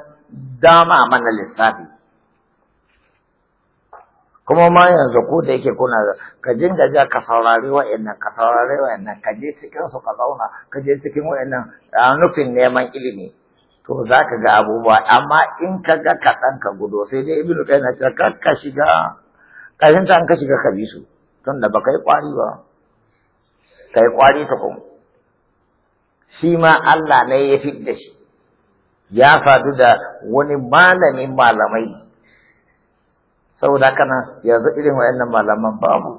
dama mana lissafi kuma ma yanzu ko da yake kuna ka jin ja ka saurari wa'annan ka saurari wa'annan ka je cikin su ka zauna ka je cikin wa'annan nufin neman ilimi to za ka ga abubuwa amma in ka ga kaɗan ka gudu sai dai ibi kai na ce ka shiga ƙarshen ta an ka shiga ka bi su tun da ba kai ƙwari ba kai ƙwari ta kuma shi ma Allah ne ya fi da shi ya faɗu da wani malamin malamai saboda kana yanzu irin waɗannan malaman babu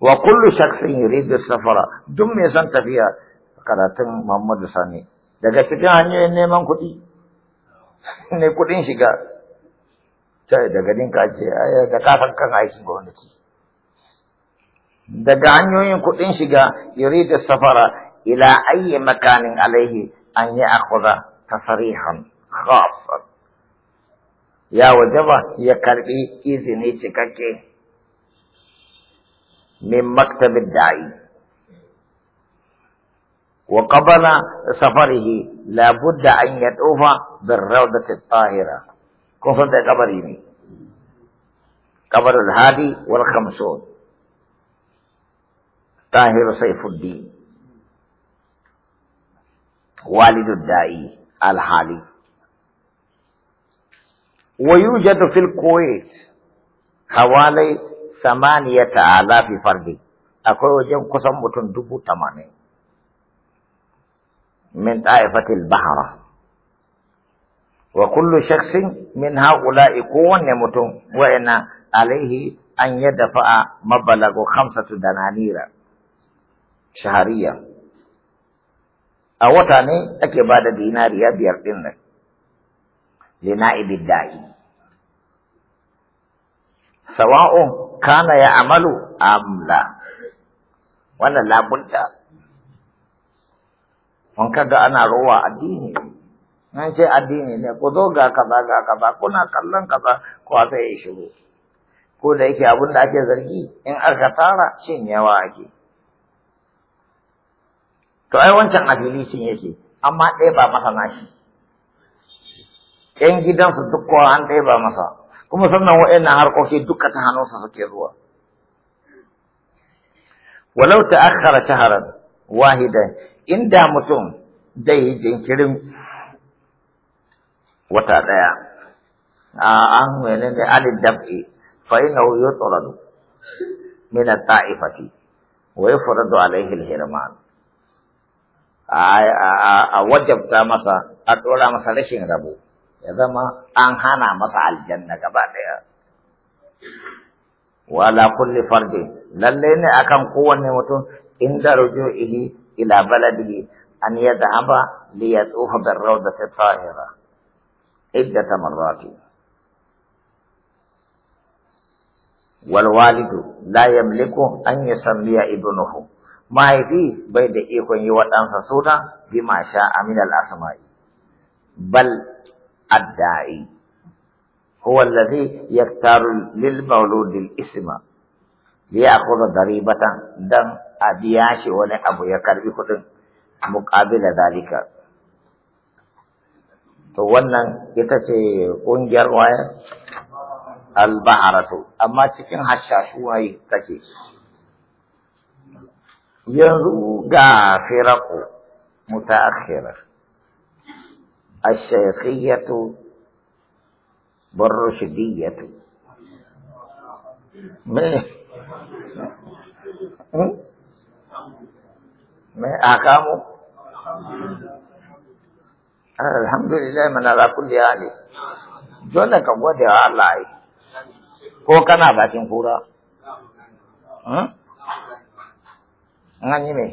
wa kullu shakhsin yuridu safara duk mai son tafiya karatun Muhammadu Sani daga cikin hanyoyin neman kuɗi ne kuɗin shiga ta daga dinka ce da kasan kan aikin gwamnati daga hanyoyin kuɗin shiga da safara ila ayyi makanin alaihi an yi akhudha farihan khassan ya wajaba ya karɓi izini cikakke min maktabin da'i وقبل سفره لابد أن يطوف بالروضة الطاهرة كفر ده قبر مي قبر الهادي والخمسون طاهر سيف الدين والد الدائي الحالي ويوجد في الكويت حوالي ثمانية آلاف فرد أكو وجن قسم متن دبو ثمانين من طائفة البحرة وكل شخص من هؤلاء يكون يمتون وإن عليه أن يدفع مبلغ خمسة دنانير شهرية أوتاني أكي بعد ديناريا بيقين لنائب الداعي سواء كان يعمل أم لا ولا لابد mun kaga ana rowa addini nan ce addini ne ku zo ga kaza ga kaza kuna kallon kaza ko sai ya shigo ko da yake abin da ake zargi in aka tara shin yawa ake to ai wancan afili shin yake amma ɗaya ba masa nashi ƴan gidansu duk kowa an ɗaya ba masa kuma sannan wa'annan harkoki duka ta hannunsa suke zuwa walau ta'akhkhara shahran wahidan inda mutum zai yi jinkirin wata ɗaya a an mene ne alin dab'i fai na wuyo tsoron mina ta'ifati wa yafradu alaihi hirman a wajabta masa a ɗora masa rashin rabo ya zama an hana masa aljanna gaba ɗaya wala kulli farji lalle ne akan kowanne mutum inda rujuihi إلى بلده أن يذهب ليدعوه بالروضة الطاهرة عدة مرات والوالد لا يملك أن يسمي ابنه ما يفي بيد إيكون يوطن سونا بما شاء من الأسماء بل الداعي هو الذي يختار للمولود الاسم ليأخذ ضريبة دم a biya shi wani abu ya karbi kuɗin muƙabila zalika to wannan ita ce ƙungiyar waya albaharatu amma cikin hashashu kake yanzu ga firaku mutaakhira الشيخية بالرشدية ما mai akamu alhamdulillah mana ala kulli hali dole ka gode wa Allah ai ko kana bakin kura hmm? an yi ne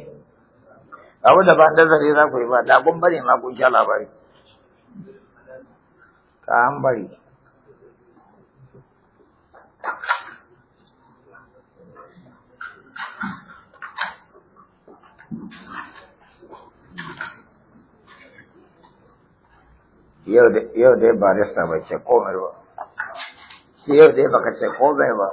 abu da ba nazari za ku yi ba da kun bari ma kun sha labari ka an bari yau dai ba rista bai ce komai ba yau dai baka ce komai ba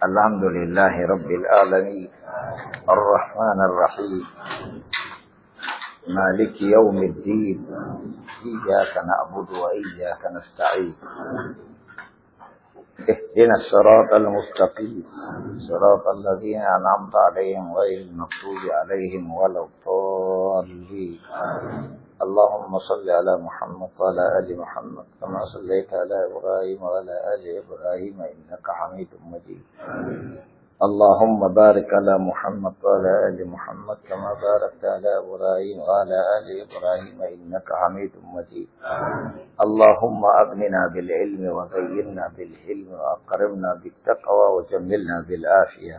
الحمد لله رب العالمين الرحمن الرحيم مالك يوم الدين إياك نعبد وإياك نستعين اهدنا الصراط المستقيم صراط الذين أنعمت عليهم غير المغضوب عليهم ولا الضالين اللهم صل على محمد وعلى آل محمد كما صليت على إبراهيم وعلى آل إبراهيم إنك حميد مجيد اللهم بارك على محمد وعلى آل محمد كما باركت على إبراهيم وعلى آل إبراهيم إنك حميد مجيد اللهم أغننا بالعلم وزينا بالحلم وأكرمنا بالتقوى وجملنا بالعافية